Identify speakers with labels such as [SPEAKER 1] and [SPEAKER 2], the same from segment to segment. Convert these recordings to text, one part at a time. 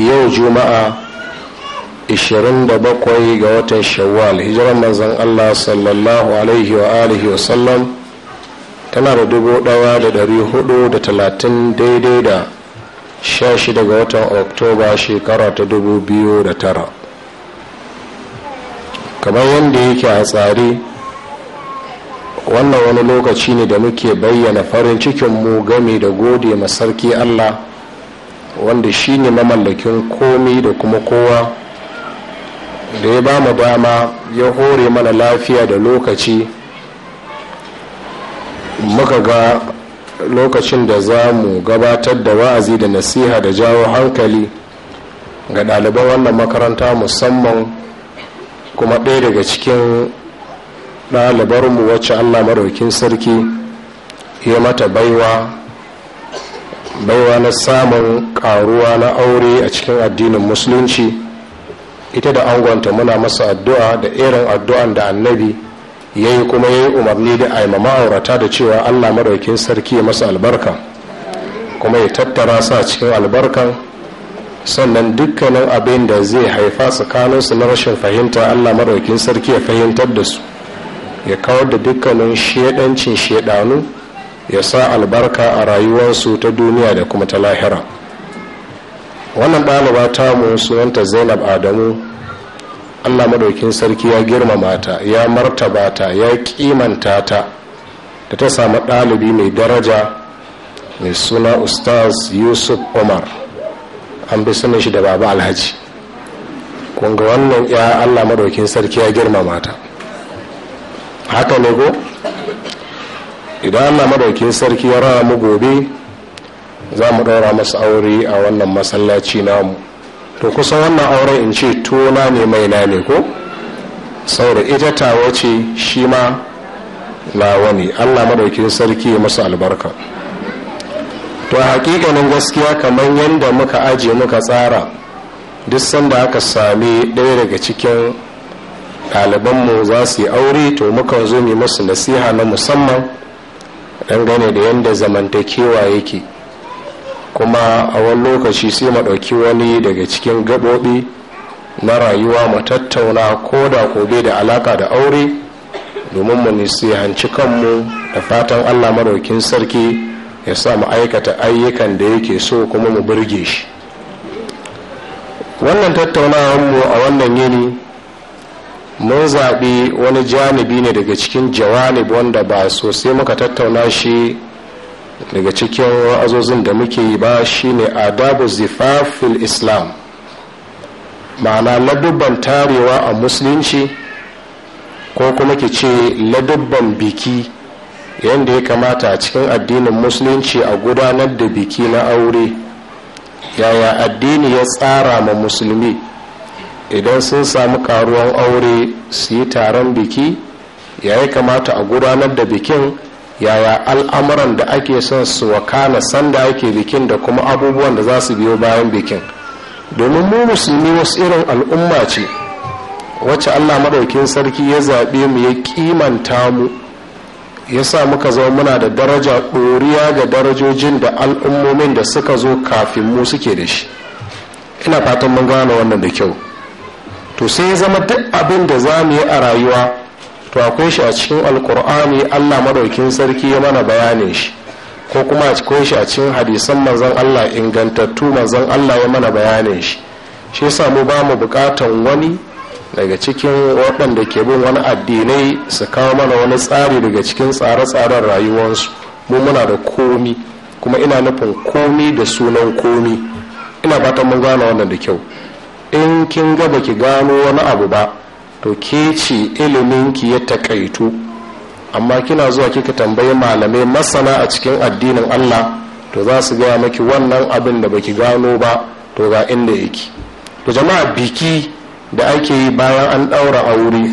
[SPEAKER 1] yau juma'a 27 ga watan shawwal hijiran manzan allah sallallahu alaihi wa alihi wa sallam tana da dubu dawa da dari hudu da talatin daidai da sha shida ga watan oktoba shekara ta dubu biyu da tara kamar wanda yake a tsari wannan wani lokaci ne da muke bayyana farin cikinmu game da gode ma sarki allah wanda shi ne mamallakin komi da kuma kowa da ya ba mu dama ya hore mana lafiya da lokaci muka ga lokacin da za mu gabatar da wa'azi da nasiha da jawo hankali ga ɗaliban wannan makaranta musamman kuma ɗaya daga cikin ɗalibarmu wacce allah maraukin sarki ya mata baiwa baiwa na samun karuwa na aure a cikin addinin musulunci ita da angonta muna masa addu'a da irin addu'an da annabi ya yi kuma ya yi umarni da aima ma'aurata da cewa allah madaukin sarki ya masa albarka kuma ya tattara sa cikin albarkan sannan dukkanin abin da zai haifa tsakaninsu na rashin fahimta allah madaukin sarki ya fahimtar da su ya kawar da dukkanin shedancin shedanu ya sa albarka a rayuwarsu ta duniya da kuma ta lahira wannan ɗaliba ta mu sunanta zainab adamu allah madaukin sarki ya girmama ta ya martaba ta ya kimanta ta da ta samu ɗalibi mai daraja mai suna ustaz yusuf umar an bi sunan shi da baba alhaji ƙunga wannan ya allah madaukin sarki ya girmama ta haka ne ko idan allah madaukin sarki ya rana mu gobe za mu ɗaura masa aure a wannan masallaci namu to kusan wannan auren in ce tona ne mai na ne ko saboda ita ta wace shi ma nawa ne allah madaukin sarki ya masa albarka to a hakikanin gaskiya kamar yadda muka aje muka tsara duk sanda aka sami ɗaya daga cikin ɗalibanmu za su yi aure to muka zo mai masu nasiha na musamman dangane da yadda zamantakewa yake kuma a wani lokaci sai mu ɗauki wani daga cikin gaɓoɓi na rayuwa mu tattauna ko da kobe da alaka da aure domin mu nisihanci kanmu da fatan allah maɗaukin sarki ya sa mu aikata ayyukan da yake so kuma mu burge shi wannan tattaunawar mu a wannan yini mun zaɓi wani janibi ne daga cikin jawanib wanda ba sosai muka tattauna shi daga cikin wa'azozin da muke yi ba shine adabu zifafil islam ma'ana ladubban tarewa a musulunci ko kuma ki ce ladubban biki yadda ya kamata a cikin addinin musulunci a gudanar da biki na aure yaya addini ya tsara ma musulmi idan sun samu karuwan aure su yi taron biki ya yi kamata a gudanar da bikin yaya al'amuran da ake son su wakana sanda ake bikin da kuma abubuwan da za su biyo bayan bikin domin mu musulmi wasu irin al'umma ce wacce allah maɗaukin sarki ya zaɓe mu ya kimanta mu ya sa muka zama muna da daraja ɗoriya ga darajojin da al'ummomin da suka zo kafin mu suke da shi ina fatan mun gane wannan da kyau to sai ya zama duk abin da za mu yi a rayuwa to akwai shi a cikin alkur'ani allah Maɗaukin sarki ya mana bayanin shi ko kuma akwai shi a cikin hadisan manzon allah ingantattu manzon allah ya mana bayanin shi shi yasa mu ba mu bukatan wani daga cikin waɗanda ke bin wani addinai su kawo mana wani tsari daga cikin tsare-tsaren rayuwarsu mu muna da komi kuma ina nufin komi da sunan komi ina fatan mun gane wannan da kyau in kin ga baki gano wani abu ba to ke ce ki ya takaitu amma kina zuwa kika tambayi malamai masana a cikin addinin allah to za su gaya maki wannan abin da baki gano ba to ga inda yake to jama'a biki da ake yi bayan an ɗaura aure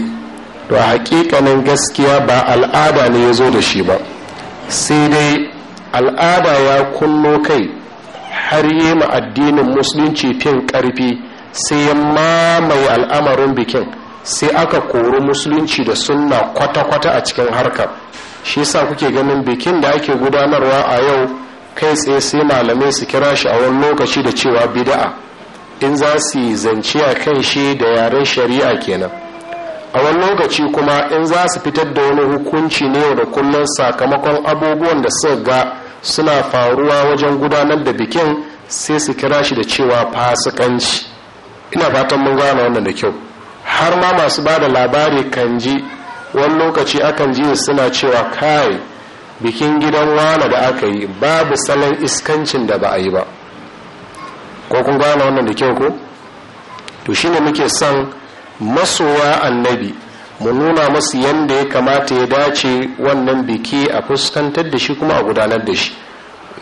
[SPEAKER 1] to a hakikanin gaskiya ba al'ada ne ya zo da shi ba sai dai al'ada ya kullo kai har yi ma addinin musulunci fin ƙarfi sai ya mamaye al'amarin bikin sai aka kori musulunci da sunna kwata-kwata a cikin harkar shi sa kuke ganin bikin da ake gudanarwa a yau kai tsaye sai malamai su kira shi a wani lokaci da cewa bida'a in za su yi zance a kan shi da yaren shari'a kenan a wani lokaci kuma in za su fitar da wani hukunci ne da kullum sakamakon abubuwan da suka ga suna faruwa wajen gudanar da bikin sai su kira shi da cewa fasikanci ina fatan mun gane wannan da kyau har ma masu ba da labari kan ji wani lokaci akan ji suna cewa kai bikin gidan wana da aka yi babu salon iskancin da ba a yi ba ko kun gane wannan da kyau ko to shine muke son masowa annabi mu nuna masu yadda ya kamata ya dace wannan biki a fuskantar da shi kuma a gudanar da shi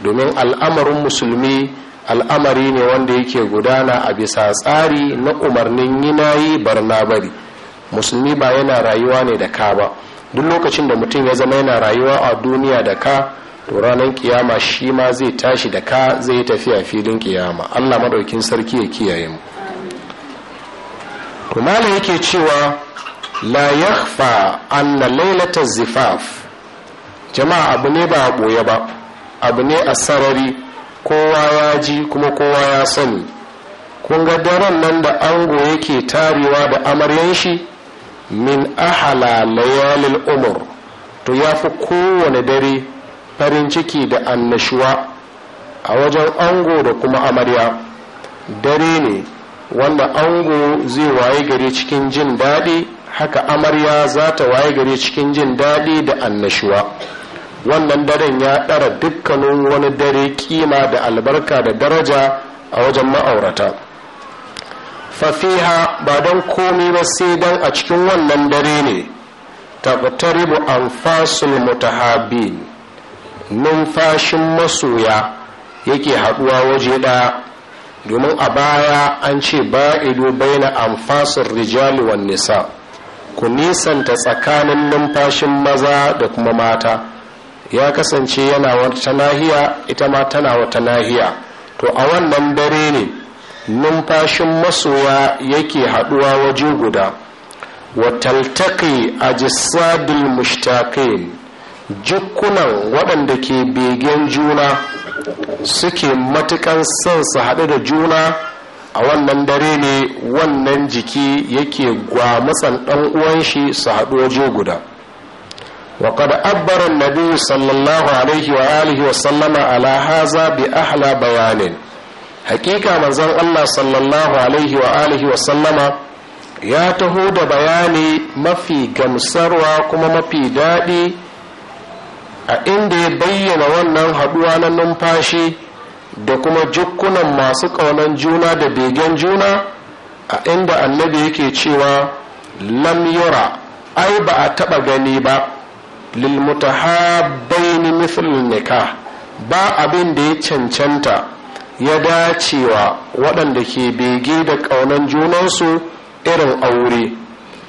[SPEAKER 1] domin al'amarin musulmi al'amari ne wanda yake gudana a bisa tsari na umarnin yinayi barna bari musulmi ba yana rayuwa ne da ka ba duk lokacin da mutum ya zama yana rayuwa a duniya da ka to ranar kiyama shi ma zai tashi da ka zai tafiya filin kiyama allah maɗaukin sarki ya kiyaye mu to malam yake cewa la yakhfa anna lailata zifaf jama'a abu ne ba a ɓoye ba abu ne a sarari kowa ya ji kuma kowa ya sani kun ga daren nan da ango yake tarewa da amaryan shi min ahala layalil umar to ya fi kowane dare farin ciki da annashuwa a wajen ango da kuma amarya dare ne wanda ango zai waye gare cikin jin daɗi haka amarya za ta waye gare cikin jin daɗi da annashuwa wannan daren ya ɗara dukkanin wani dare kima da albarka da daraja a wajen ma'aurata fafiha ba don komi ba sai don a cikin wannan dare ne tabtaribu anfasul mutahabin numfashin masoya yake haɗuwa waje ɗaya domin a baya an ce baido baina anfasul rijali wan nisa ku nisanta tsakanin numfashin maza da kuma mata ya kasance yana wata nahiya ita ma tana wata nahiya to a wannan dare ne numfashin masoya yake haɗuwa waje guda wataltaki a jisadil mushtaqin jikunan waɗanda ke begen juna suke matukan son su haɗu da juna a wannan dare ne wannan jiki yake gwamatsan ɗan uwan shi su haɗu waje guda وقد أبر النبي صلى الله عليه وآله وسلم على هذا بأحلى بيان حقيقة من زن الله ya taho da bayani mafi gamsarwa kuma mafi daɗi a inda ya bayyana wannan haɗuwa na numfashi da kuma jukkunan masu ƙaunan juna da begen juna a inda annabi yake cewa lam yura ai ba a taɓa gani ba lil mutahabbaini mithlul ba abin da ya cancanta ya dacewa waɗanda ke bege da ƙaunan junansu irin aure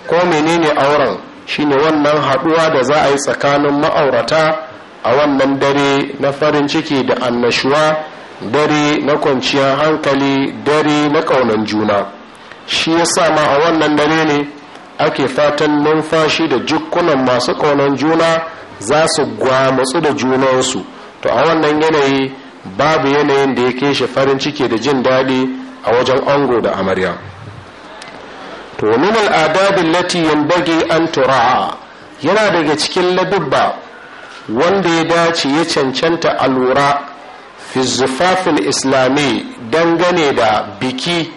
[SPEAKER 1] ko menene auren shine wannan haɗuwa da za a yi tsakanin ma'aurata a wannan dare na farin ciki da annashuwa dare na kwanciyar hankali dare na ƙaunan juna shi ya ma a wannan dare ne ake fatan numfashi da jikunan masu ƙaunar juna za su gwamutsu da junansu to a wannan yanayi babu yanayin da ya ke shi farin ciki da jin daɗi a wajen ango da amarya to min al'adabin lati an tura'a yana daga cikin ladubba wanda ya dace ya cancanta a lura fi islami dangane da biki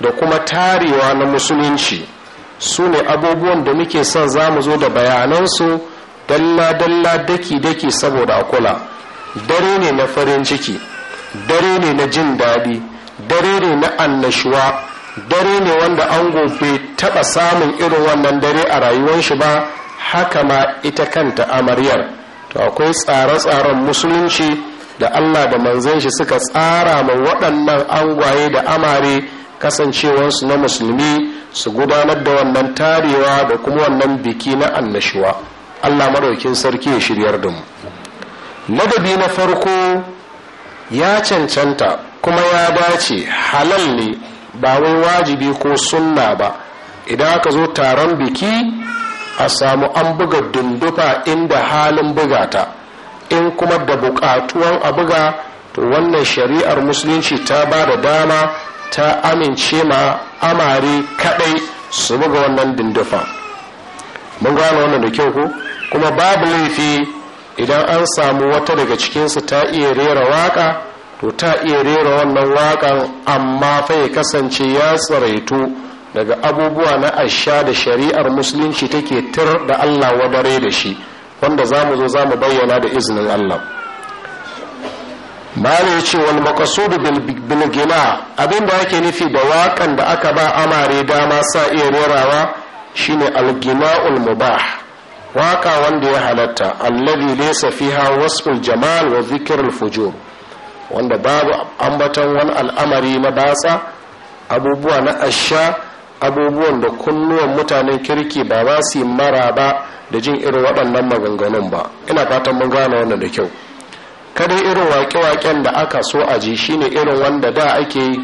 [SPEAKER 1] da kuma tarewa na musulunci su ne abubuwan da muke son za mu zo da bayanansu dalla-dalla daki-daki saboda akula dare ne na farin ciki dare ne na jin daɗi dare ne na annashuwa dare ne wanda ango bai taɓa samun irin wannan dare a rayuwar shi ba haka ma ita kanta amaryar to akwai tsare-tsaren musulunci da allah da manzanshi shi suka tsara ma waɗannan angwaye da amare kasancewarsu na musulmi su gudanar da wannan tarewa da kuma wannan biki na annashuwa allah maraukin sarki ya shiryar da mu ladabi na farko ya cancanta kuma ya dace halal ne ba wai wajibi ko sunna ba idan aka zo taron biki a samu an buga dundufa inda halin bugata in kuma da buƙatuwan a buga to wannan shari'ar musulunci ta ba da dama ta amince ma amare kadai su buga wannan dindufa mun gane wannan da kyau ko kuma babu laifi idan an samu wata daga cikinsu ta iya rera waka to ta iya rera wannan wakan amma fa ya kasance ya tsaraitu daga abubuwa na asha da shari'ar musulunci take tir da allah wadare da shi wanda zamu zo za mu bayyana da izinin allah bala ya ce wani maqasudu da gina abin da yake nufi da waƙan da aka ba amare dama sa iya rerawa shine algina ulmubah mubah waka wanda ya halatta alladhi laysa fiha wasful jamal wa zikir fujur wanda babu ambaton wani al'amari na batsa abubuwa na asha abubuwan da kunnuwan mutanen kirki ba za su yi mara ba da jin irin waɗannan maganganun ba ina fatan mun gane wannan da kyau kada irin waƙe-waƙen da aka so a ji shine irin wanda da ake yi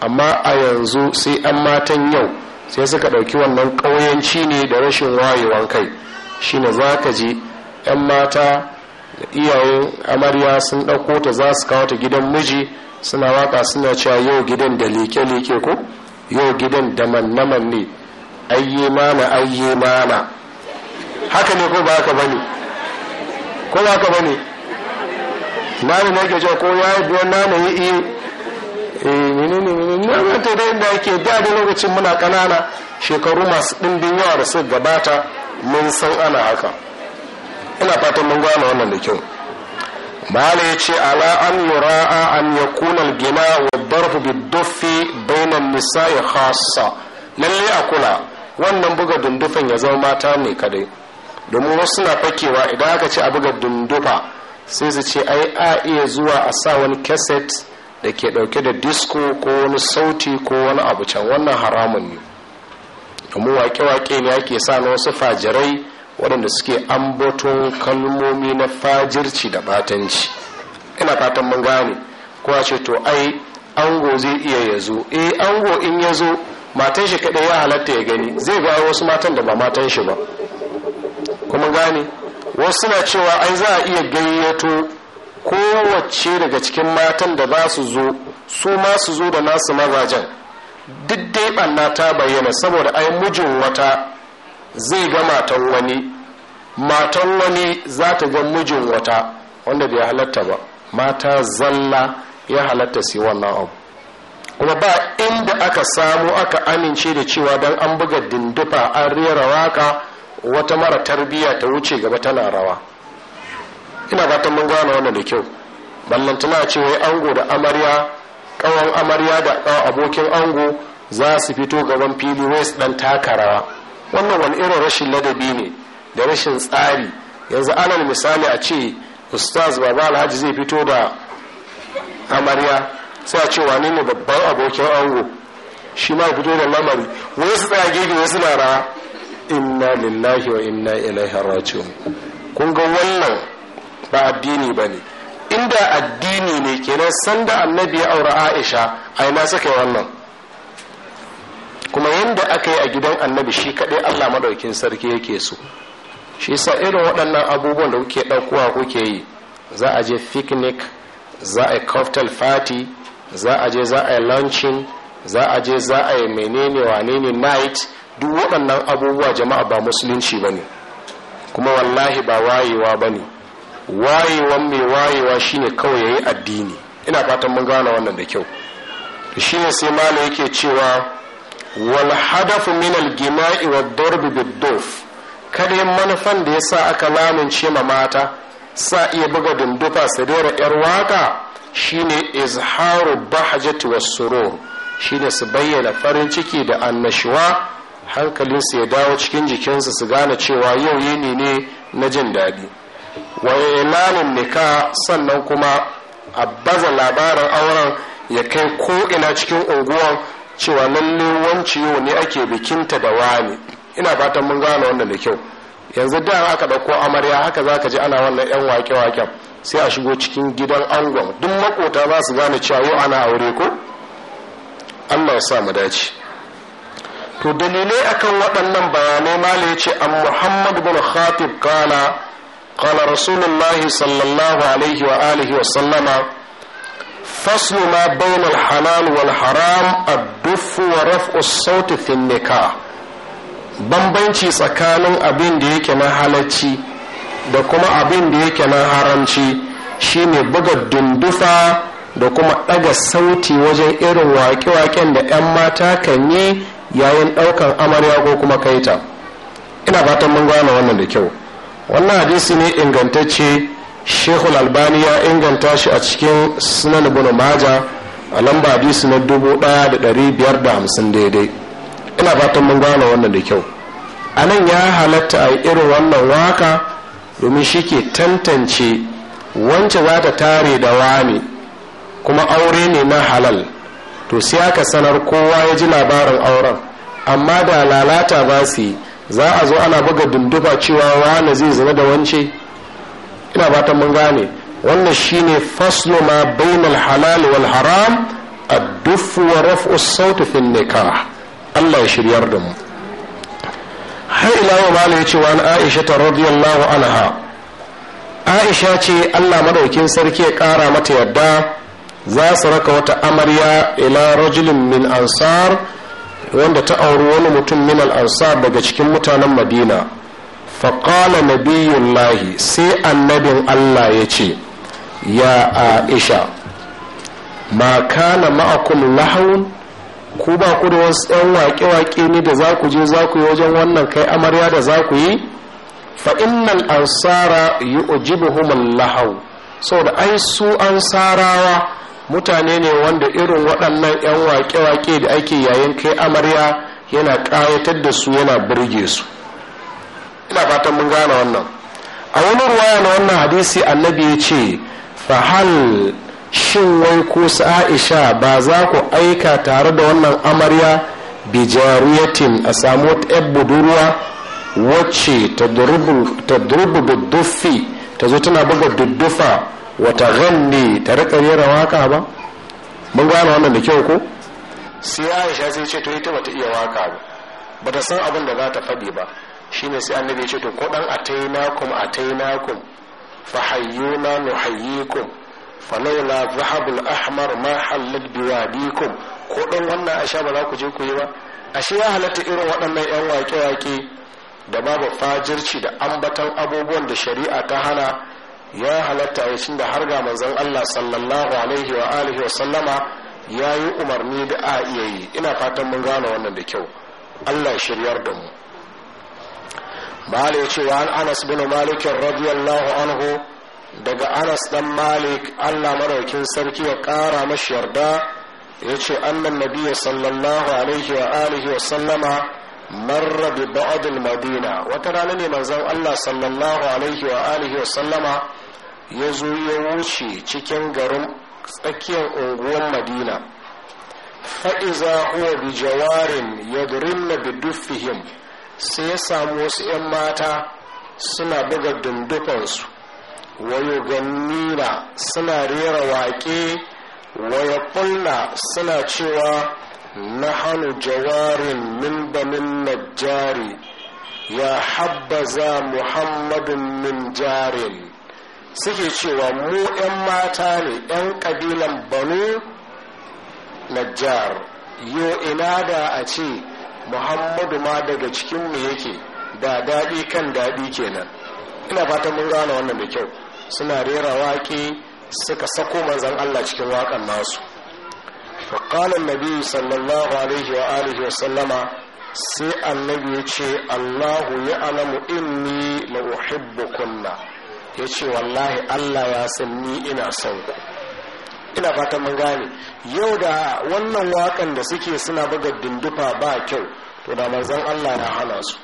[SPEAKER 1] amma a yanzu sai an matan yau sai suka ɗauki wannan ƙauyenci ne da rashin wayewan kai shine za ka ji 'yan mata da iyayen amarya sun ɗauko ta za su kawo ta gidan miji suna waka suna cewa yau gidan da leke-leke ko yau gidan da manne-manne ayye mana ayye mana haka ne ko ba ka bane ko ba ka bane na ne nake ko ya yi biyan na ne yi eh, na manta da inda yake da lokacin muna ƙanana shekaru masu ɗimbin yawa da su gabata mun san ana haka ina fatan mun gwana wannan da kyau mala ya ce ala an yura'a an ya kunal gina wa barfu biduffi bainan nisa'i khassa lalle a kula wannan buga dundufan ya zama mata ne kadai domin wasu suna fakewa idan aka ce a buga dundufa sai su ce ai a iya zuwa a sa wani kaset da ke dauke da disko ko wani sauti ko wani abu can wannan haramun ne domin wake-wake ne ake sa na wasu fajirai waɗanda suke ambaton kalmomi na fajirci da batanci ina fatan mun gane a ce to ai ango zai iya ya zo eh ango in ya zo matan shi kaɗai ya halatta ya gani zai ga wasu matan da ba matan shi ba kuma gane wasu na cewa ai za a iya gayyato kowace daga cikin matan da za su zo su ma su zo da nasu mazajen duk dai ɓanna ta bayyana saboda ai mijin wata zai ga matan wani matan wani za ta ga mijin wata wanda bai halatta ba mata zalla ya halatta sai wannan abu kuma ba inda aka samu aka amince da cewa don an buga dindufa an rera waka wata mara tarbiya ta wuce gaba tana rawa ina fatan mun gane wannan da kyau ballantana ce wai ango da amarya kawan amarya da abokin ango za su fito gaban fili wai dan taka rawa wannan wani irin rashin ladabi ne da rashin tsari yanzu alal misali a ce ustaz baba alhaji zai fito da amarya sai a ce wani ne babban abokin ango shi ma fito da lamari wasu su tsaya gefe wasu na rawa inna lillahi wa inna ilaihi raji'un kun ga wannan ba addini ba ne inda addini ne kenan sanda annabi ya aure aisha a ina saka wannan kuma yanda aka yi a gidan annabi shi kaɗai allah maɗaukin sarki yake so shi sa irin waɗannan abubuwan da kuke ɗaukowa kuke yi za a je picnic za a yi cocktail party za a je za a yi launching za a je za a yi menene wane ne night duk waɗannan abubuwa jama'a ba musulunci ba ne kuma wallahi ba wayewa ba ne wayewan mai wayewa shine kawai ya yi addini ina fatan mun gane wannan da kyau shi ne sai mala yake cewa wal hadafu min al gima'i wa darbi bid-duf kada manufan da yasa aka lamince ma mata sa iya buga dundufa su rera yar waka shine izharu bahjati was surur shine su bayyana farin ciki da annashuwa hankalinsu ya dawo cikin jikinsu su gane cewa yau yini ne na jin daɗi wa ilanin nika sannan kuma a baza labarin auren ya kai ko'ina cikin unguwan cewa lalle wanci yau ne ake bikinta da wani ina fatan mun gane wannan da kyau yanzu da aka ɗauko amarya haka za ka ji ana wannan 'yan wake-waken sai a shigo cikin gidan angon duk makota za su gane cewa yau ana aure ko allah ya sa mu dace to dalilai akan waɗannan bayanai mala ya ce an muhammad bin khatib kala kala rasulullahi sallallahu alaihi wa alihi wa sallama faslu ma bayan halal wal haram addufu wa raf'u sauti fin bambanci tsakanin abin da yake na halacci da kuma abin da yake na haramci shine buga dundufa da kuma ɗaga sauti wajen irin waƙe-waƙen da 'yan mata kan yi yayin ɗaukan amarya ko kuma kaita ina fatan mun gane wannan da kyau wannan hadisi ne ingantacce al albani ya inganta shi a cikin sunan ibn maja a lamba hadisi na dubu ɗaya da biyar da hamsin daidai ina fatan mun gane wannan da kyau a nan ya halatta a irin wannan waka domin shi ke tantance wance za ta tare da wani kuma aure ne na halal to sai aka sanar kowa ya ji labarin auren amma da lalata ba su za a zo ana buga dunduba cewa wani zai zina da wance ina fatan mun gane wannan shine faslu ma bainal halal wal haram ad duffu wa raf'u as fi Allah ya shiryar da mu har ila yau ma ya ce wa Aisha ta radiyallahu anha Aisha ce Allah madaukin sarki ya kara mata yadda za su raka wata amarya ila rajulin min ansar wanda ta auri wani mutum min al'ansar daga cikin mutanen madina faƙala na biyun lahi sai annabin allah ya ce ya aisha ma kana ma'akum lahawun ku ba ku da wasu 'yan waƙe-waƙe ne da za ku je za ku yi wajen wannan kai amarya da za ku yi fa'innal ansara yi ujibuhum lahaw saboda ai su ansarawa mutane ne wanda irin waɗannan 'yan waƙe-waƙe da ake yayin kai amarya yana ƙayatar da su yana burge su ina fatan mun gane wannan a wani ruwaya na wannan hadisi annabi ya ce fahal shin wai ko aisha ba za ku aika tare da wannan amarya bijariyatin a samu wata budurwa wacce ta durbu duffi ta zo tana buga duddufa wata ganni ta riƙa rera waka ba mun gane wannan da kyau ko sai aisha sai ce to ita bata iya waka ba bata san abin da za ta faɗi ba shine sai annabi ya ce to ko dan atainakum atainakum fa hayyuna nuhayyikum fa laula zahabul ahmar ma halat biwadikum ko dan wannan aisha ba za ku je ku yi ba ashe ya halatta irin waɗannan yan wake-wake da babu fajirci da ambatan abubuwan da shari'a ta hana ya halatta ya tunda har ga manzon Allah sallallahu alaihi wa alihi wa sallama ya yi umarni da a iya yi ina fatan mun gane wannan da kyau Allah shiryar da mu malik cewa an anas bin malik radiyallahu anhu daga anas dan malik Allah Madaukin sarki ya kara mashi yarda ya ce annan nabiya sallallahu alaihi wa alihi wa sallama marra bi ba'd madina wata rana ne Allah sallallahu alaihi wa alihi wa sallama ya zo ya wuce cikin garin tsakiyar unguwar madina fa'iza huwa bi jawarin ya bi dufihim sai ya samu wasu 'yan mata suna buga dundukansu wayo gannina suna rera waƙe waya kulla suna cewa na hannu jawarin min banin jari ya habbaza muhammadun min jarin suke cewa mu 'yan mata ne 'yan ƙabilan banu najjar yo ina da a ce muhammadu ma daga cikinmu yake da daɗi kan daɗi kenan ina fatan mun gane wannan da kyau suna rera waƙi suka sako manzan allah cikin waƙan nasu فقال النبي صلى الله عليه وآله وسلم سي النبي يقول الله يعلم إني لأحبكن ya ce wallahi allah ya san ni ina son ku ina fatan mun gane yau da wannan wakan da suke suna buga dindufa ba kyau to da manzon allah ya hana su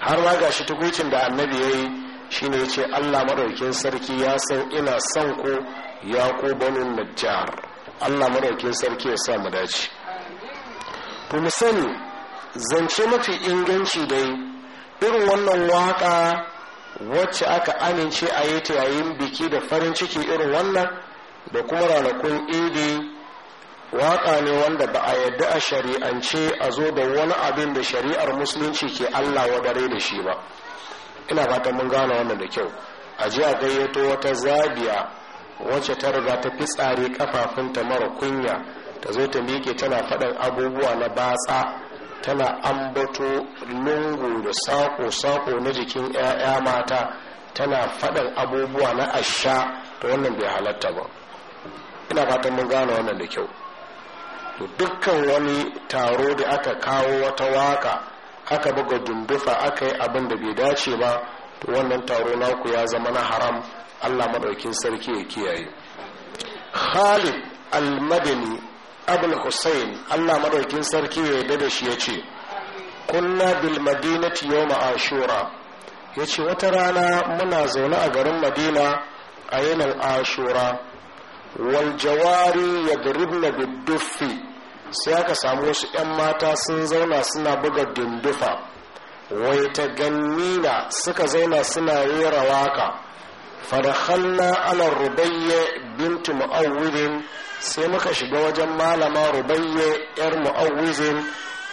[SPEAKER 1] har ma ga shi tukuicin da annabi ya yi shine ya ce allah maɗaukin sarki ya san ina son ku ya ku najjar allah maɗaukin sarki ya sa mu dace to mu sani zance mafi inganci dai irin wannan waka wacce aka amince a yi ta yayin biki da farin ciki irin wannan da kuma ranakun idi waƙa ne wanda ba a yadda a shari'ance a zo da wani abin da shari'ar musulunci ke allah wadare da shi ba ina fatan mun gane wannan da kyau a ji a gayyato wata zabiya wacce ta riga ta fi tsare kafafunta mara kunya ta zo ta miƙe tana faɗin abubuwa na batsa tana ambato lungu da sako-sako na jikin 'ya'ya mata tana faɗin abubuwa na asha da wannan bai halatta ba ina fatan mun gane wannan da kyau to dukkan wani taro da aka kawo wata waka aka buga dundufa aka yi abin da bai dace ba to wannan taro naku ya zama na haram allah maɗaukin sarki ya kiyaye khalid al-madani abul hussein allah madaukin sarki ya yarda da shi ya ce kunna bil madinati yawma ashura ya ce wata rana muna zaune a garin madina a yanar ashura wal jawari ya garibna bidduffi sai aka samu wasu 'yan mata sun zauna suna buga dindufa wai ta gannina suka zauna suna rera waka fadakhalna ala rubayya bintu mu'awwidin sai muka shiga wajen malama rubayya yar mu'awwidin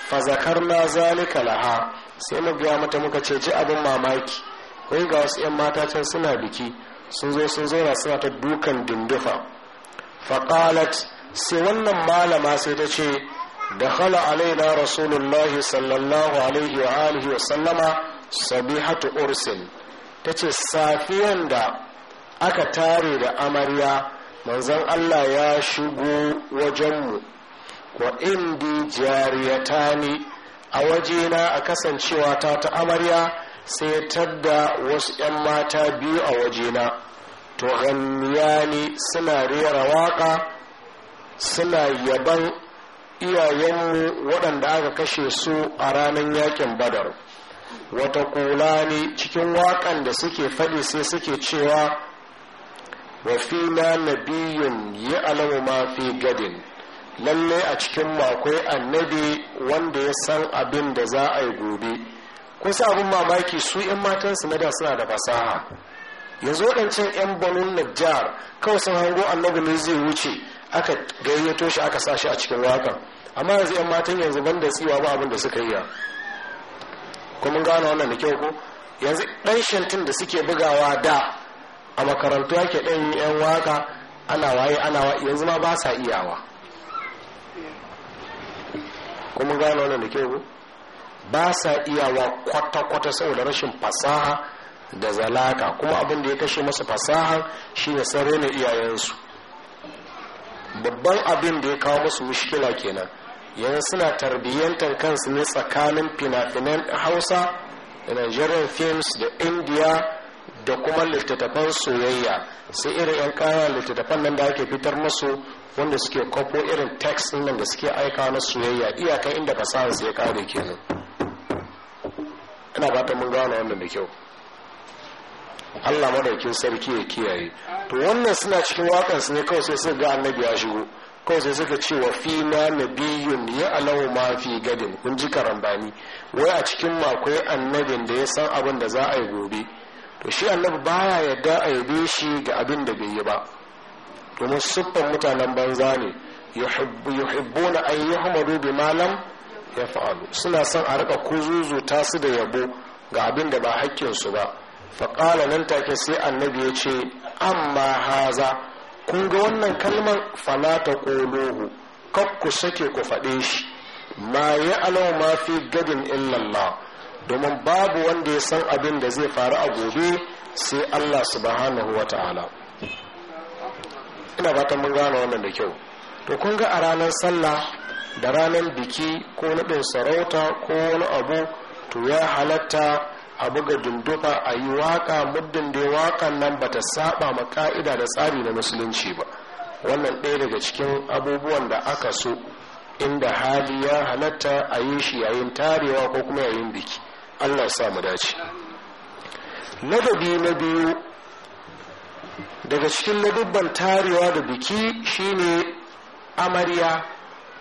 [SPEAKER 1] fa zakarna zalika laha sai mu mata muka ce ji abin mamaki wai wasu yan mata can suna biki sun zo sun zauna suna ta dukan dindufa faqalat sai wannan malama sai ta ce da khala alaina rasulullahi sallallahu alaihi wa alihi wa sallama sabihatu ursin ta ce safiyan da aka tare da amarya manzon allah ya shigo wajenmu wa indi ne a wajena a kasancewa ta ta amarya sai tadda wasu 'yan mata biyu a wajena to ne suna rera waka suna yaban iyayenmu waɗanda aka kashe su a ranar yakin badar wata kula ne cikin waƙan da suke faɗi sai suke cewa wa fina nabiyun yi alamu ma gadin lallai a cikin makwai annabi wanda ya san abin da za a yi gobe kusa abin mamaki su 'yan matansu na da suna da fasaha Ya yanzu waɗancan 'yan banin najjar kawai sun hango annabi ne zai wuce aka gayyato shi aka sa shi a cikin wakan amma yanzu 'yan matan yanzu ban da tsiwa ba abin da suka yi ko mun gano wannan da kyau ko yanzu dan shantin da suke bugawa da a makarantu ake dan yan waka ana waye ana waye yanzu ma ba sa iyawa ko mun gano wannan da kyau ko ba sa iyawa kwata-kwata saboda rashin fasaha da zalaka kuma abin da ya kashe masu fasaha shine sun iyayensu babban abin da ya kawo musu mushkila kenan yanzu suna tarbiyyantar kansu ne tsakanin fina-finan hausa da nigerian films da india da kuma littattafan soyayya sai irin 'yan kaya littattafan nan da ake fitar masu wanda suke kwafo irin text nan da suke aika na soyayya iyakai inda fasahar sai kare ke nan ina fata mun gane wannan da kyau Allah madaukin sarki ya kiyaye to wannan suna cikin wakansu ne kawai sai suka ga annabi ya shigo kawai sai suka ce wa fina nabiyun ya alawu ma fi gadin kun ji karambani wai a cikin makwai annabin da ya san abin da za a yi gobe to shi annabi baya yadda a be shi ga abin da bai yi ba domin siffan mutanen banza ne na an hamadu bi malam ya fa'alu suna son a rika kuzuzuta su da yabo ga abin da ba hakkin su ba faƙala nan take sai annabi ya ce amma haza kun ga wannan kalman Falata ta kolohu ku sake ku faɗe shi ma ya alawa ma fi gadin illallah domin babu wanda ya san abin da zai faru a gobe sai allah subhanahu wa ta'ala ina fatan mun gane wannan da kyau to kun ga a ranar sallah da ranar biki ko naɗin sarauta ko wani abu to ya halatta a buga dunduka a yi waka muddin da wakan nan bata saba ma ka'ida da tsari na musulunci ba wannan ɗaya daga cikin abubuwan da aka so inda hali ya halatta a yi shi yayin tarewa ko kuma yayin biki allah sa mu dace ladabi na biyu daga cikin ladubban tarewa da biki shine amarya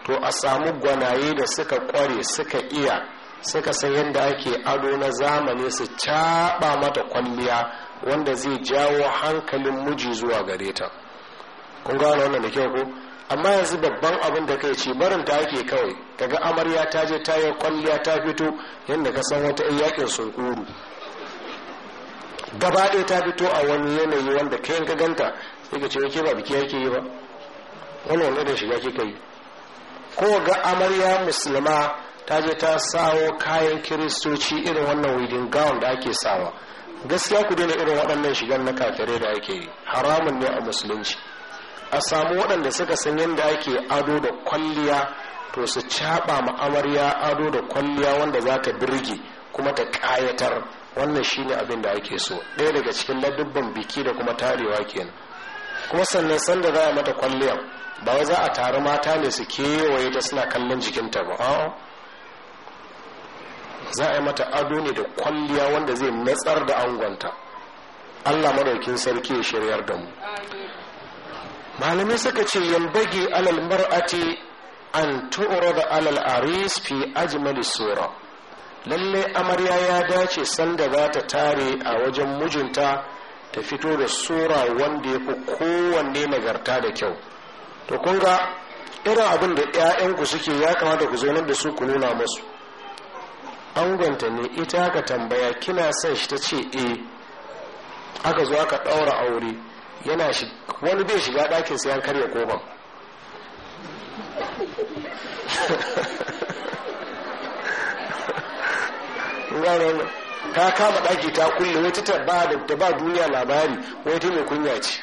[SPEAKER 1] to a samu gwanaye da suka kware suka iya suka san yadda ake ado na zamani su caɓa mata kwalliya wanda zai jawo hankalin miji zuwa gare ta kun gano wannan da kyau ko amma yanzu babban abin da kai ce barin ta ake kawai Daga amarya ta je ta yi kwalliya ta fito yadda ka san wata yakin sunkuru gaba ɗaya ta fito a wani yanayi wanda kayan ka ganta sai ka ce wake ba biki yake yi ba wannan wani da shiga kika yi ko ga amarya musulma ta je ta sawo kayan kiristoci irin wannan wedding gown da ake sawa gaskiya ku daina irin waɗannan shigan na kafire da ake yi haramun ne a musulunci a samu waɗanda suka san yadda ake ado da kwalliya to su caɓa ma'amarya ado da kwalliya wanda za ta birge kuma ta ƙayatar wannan shine abin da ake so ɗaya daga cikin ladubban biki da kuma tarewa kenan kuma sannan sanda za a mata kwalliya ba za a tare mata ne su kewaye ta suna kallon jikinta ba za a yi mata ado ne da kwalliya wanda zai matsar da angonta allah madaukin sarki ya shiryar da mu malamai suka ce yambage alal mar'ati an tu'ura da alal aris fi ajmali sura lalle amarya ya dace sanda za ta tare a wajen mijinta ta fito da sura wanda ya fi kowanne nagarta da kyau to kun irin abin da 'ya'yanku suke ya kamata ku zo nan da su ku nuna musu angonta ne ita aka tambaya kina son shi ta ce e aka zo aka ɗaura aure yana shi wani bai shiga ɗakin sai an karya kofar ta kama ɗaki ta kulle wata ta ba da ba duniya labari wai ta mai kunya ce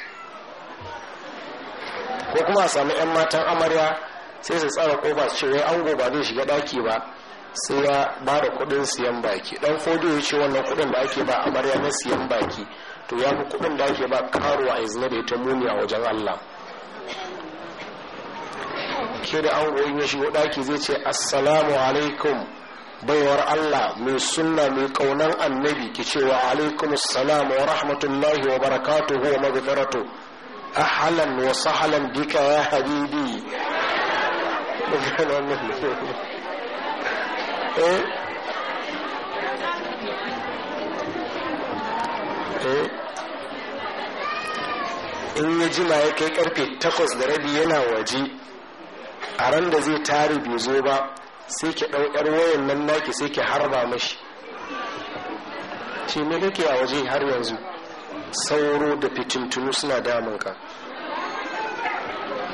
[SPEAKER 1] ko kuma a sami 'yan matan amarya sai su tsara kofa su ce wai ango ba zai shiga ɗaki ba sai ya ba da kudin siyan baki dan fodo ya ce wannan kudin da ake ba amarya na siyan baki to ya fi kudin da ake ba karuwa a izina da ita muni a wajen allah ke da an goyi ya shigo daki zai ce assalamu alaikum baiwar allah mai sunna mai kaunan annabi ki wa alaikum assalam wa rahmatullahi wa barakatuhu wa a ahlan wa sahlan bika ya habibi Eh? Eh? in ya jima ya kai karfe takwas da rabi yana waje a ran da zai tare bai zo ba sai ki ɗau yar wayan nan naki sai ki harba mashi ce kake a waje har yanzu sauro da fitintunu suna damunka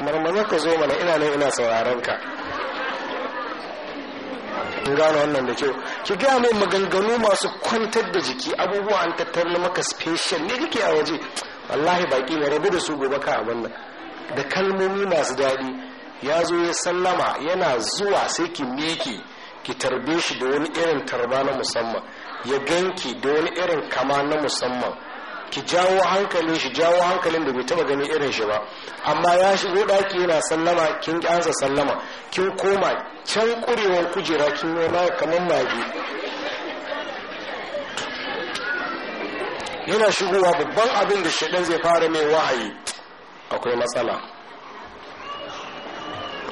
[SPEAKER 1] marmaza ka zo mana ina nan ina sauraron ka in gane wannan da kyau ki gaya mai maganganu masu kwantar da jiki abubuwa an na maka special ne kake a waje wallahi baki mai rabu da su gobe ka a wannan. da kalmomi masu daɗi ya zo ya sallama yana zuwa sai ki miki ki tarbe shi da wani irin tarba na musamman ya ganki da wani irin kama na musamman ki jawo hankalin shi jawo hankalin da bai taba gani irin shi ba amma ya shigo daki yana sallama kin ansa sallama kin koma can kurewar kujera kin yi noma kamar mage yana shigowa babban abin da shaɗan zai fara mai wahayi akwai matsala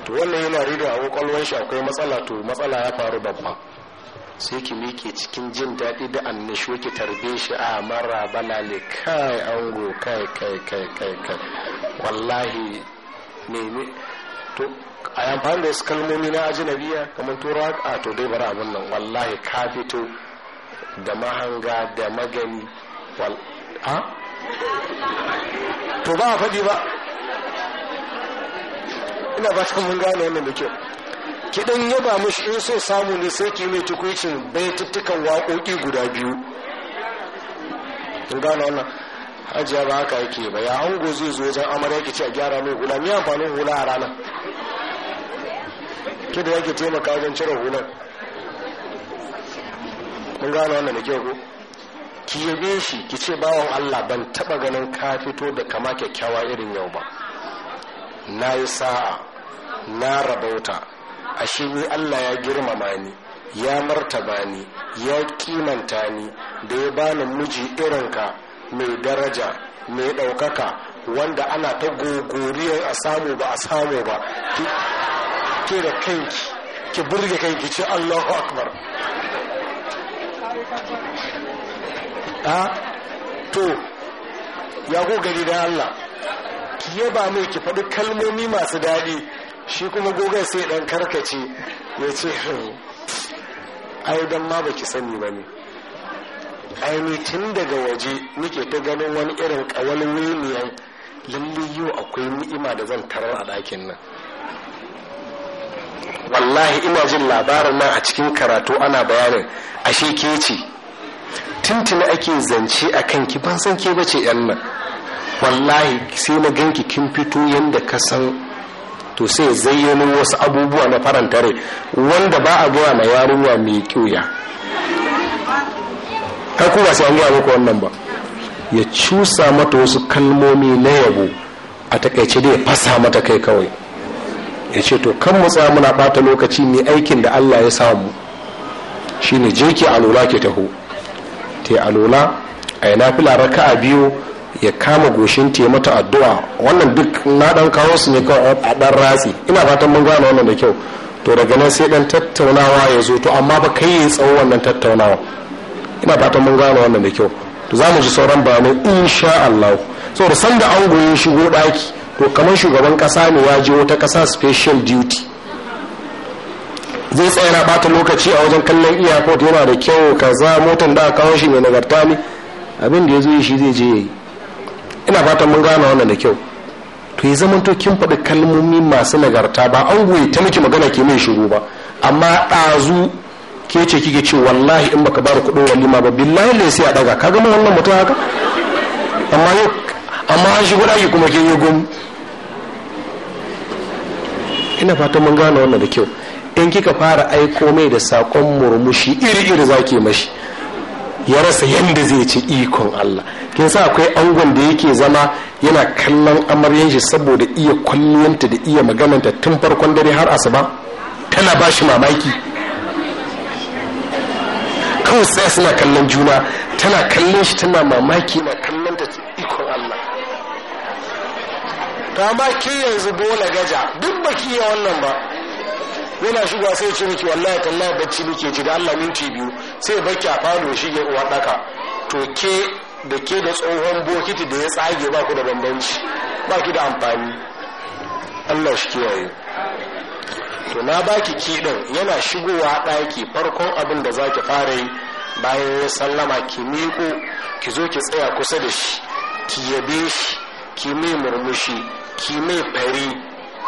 [SPEAKER 1] to wannan yana rida a kwakwalwar shi akwai matsala to matsala ya faru babba sai ki miƙe cikin jin daɗi da annashu ki tarbe shi a ah, mara balale kai ango kai kai kai kai kai wallahi ne to a amfani da kalmomi na ajinabiya kamar tura a ah, to dai bari abin nan wallahi ka fito da mahanga da magani ha to ba a faɗi ba ina ba mun gane wannan da kyau ki ya yaba mashi in so samu ne sai ki mai bai baituttukan waƙoƙi guda biyu in gano wannan hajiya ba haka yake ba ya hango zai zo wajen amarya ki ce a gyara mai hula mai amfanin hula a ranar ki da yake taimaka wajen cire hulan kun gano wannan da kyau ko ki yabe shi ki ce bawan Allah ban taba ganin ka fito da kama kyakkyawa irin yau ba na yi sa'a na rabauta ashe ni Allah ya girmama ni ya martaba ni ya kimanta ni da ya bani miji irin ka mai daraja mai ɗaukaka wanda ana ta gogoriya a samu ba a samu ba ke da kanki ki burge kanki ce Allahu akbar a to ya gogari da Allah ki yaba mai ki faɗi kalmomi masu daɗi shi kuma gogon sai dan karkace ya ce ai dan ma baki sani ba ne ni tun daga waje nake ta ganin wani irin kawalin miliyan lalliyo akwai ni'ima da zan tarar a ɗakin nan wallahi ina jin labarin nan a cikin karatu ana bayanin ashe ke ce tuntuni ake zance a kan ki ban san ke bace yan nan wallahi sai na ganki kin fito yadda ka san to sai zayyano wasu abubuwa na faranta rai wanda ba a gaya ma yarinya mai kyoya kai kuma sai an gaya muku wannan ba ya cusa mata wasu kalmomi na yabo a takaice da ya fasa mata kai kawai ya ce to kan mu tsaya muna bata lokaci mai aikin da Allah ya samu shine je ke alola ke taho te alola. a yana fila raka'a biyu ya kama goshin ta mata addu'a wannan duk na dan kawo su ne kawai a dan ratsi ina fatan mun gane wannan da kyau to daga nan sai dan tattaunawa ya zo to amma ba kai ya tsawo wannan tattaunawa ina fatan mun gane wannan da kyau to za mu ji sauran bayanai insha Allah saboda sanda an goyi shigo daki to kamar shugaban kasa ne ya je wata kasa special duty zai tsaya na bata lokaci a wajen kallon iyakot yana da kyau kaza motan da aka kawo shi mai nagarta ne abinda da ya zo shi zai je yi. ina fatan mun gane wannan da kyau to ya zama to kin faɗi kalmomi masu nagarta ba an goyi ta miki magana ke mai shiru ba amma ɗazu ke ce kike ce wallahi in baka bada kuɗin walima ba billahi ne sai a ɗaga ka gama wannan mutum haka amma yau amma an shigo ɗaki kuma kin yi gum ina fatan mun gane wannan da kyau in kika fara aiko mai da sakon murmushi iri-iri zaki mashi ya rasa yadda zai ci ikon Allah kin sa akwai angon da yake zama yana kallon amaryan shi saboda iya kwalliyanta da iya magananta tun farkon dare har asuba tana ba shi mamaki kawai sai suna kallon juna tana kallon shi tana mamaki na kallon ta ikon Allah ta ma ke yanzu bola gaja duk baki ya wannan ba yana shigowa sai ce miki wallahi tallahi bacci muke ji da Allah minti biyu sai baki a falo shi ya uwa daka to ke da ke da tsohon bokiti da ya tsage ba ku da bambanci ba ki da amfani Allah shi kiyaye to na baki ki din yana shigowa daki farkon abin da zaki fara yi bayan ya sallama ki miko ki zo ki tsaya kusa da shi ki yabe shi ki mai murmushi ki mai fari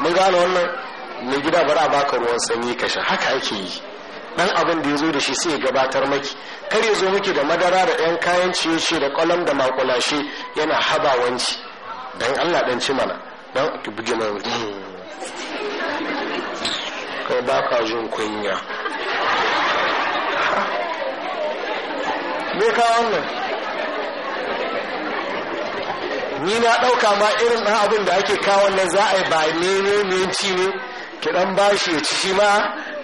[SPEAKER 1] mun gane wannan mai gida bara a baka ruwan sanyi ka sha haka ake yi dan abin da ya zo da shi sai ya gabatar maki kar ya zo miki da madara da yan kayan ciye-ciye da kwalam da makulashe yana haba wanci dan Allah dan ci mana dan ki buge mana kai ba ka jin kunya me ka wannan ni na ɗauka ma irin dan abin da ake kawo nan za a yi ba ne ne ne ci ne ki dan bashi ya ci shi ma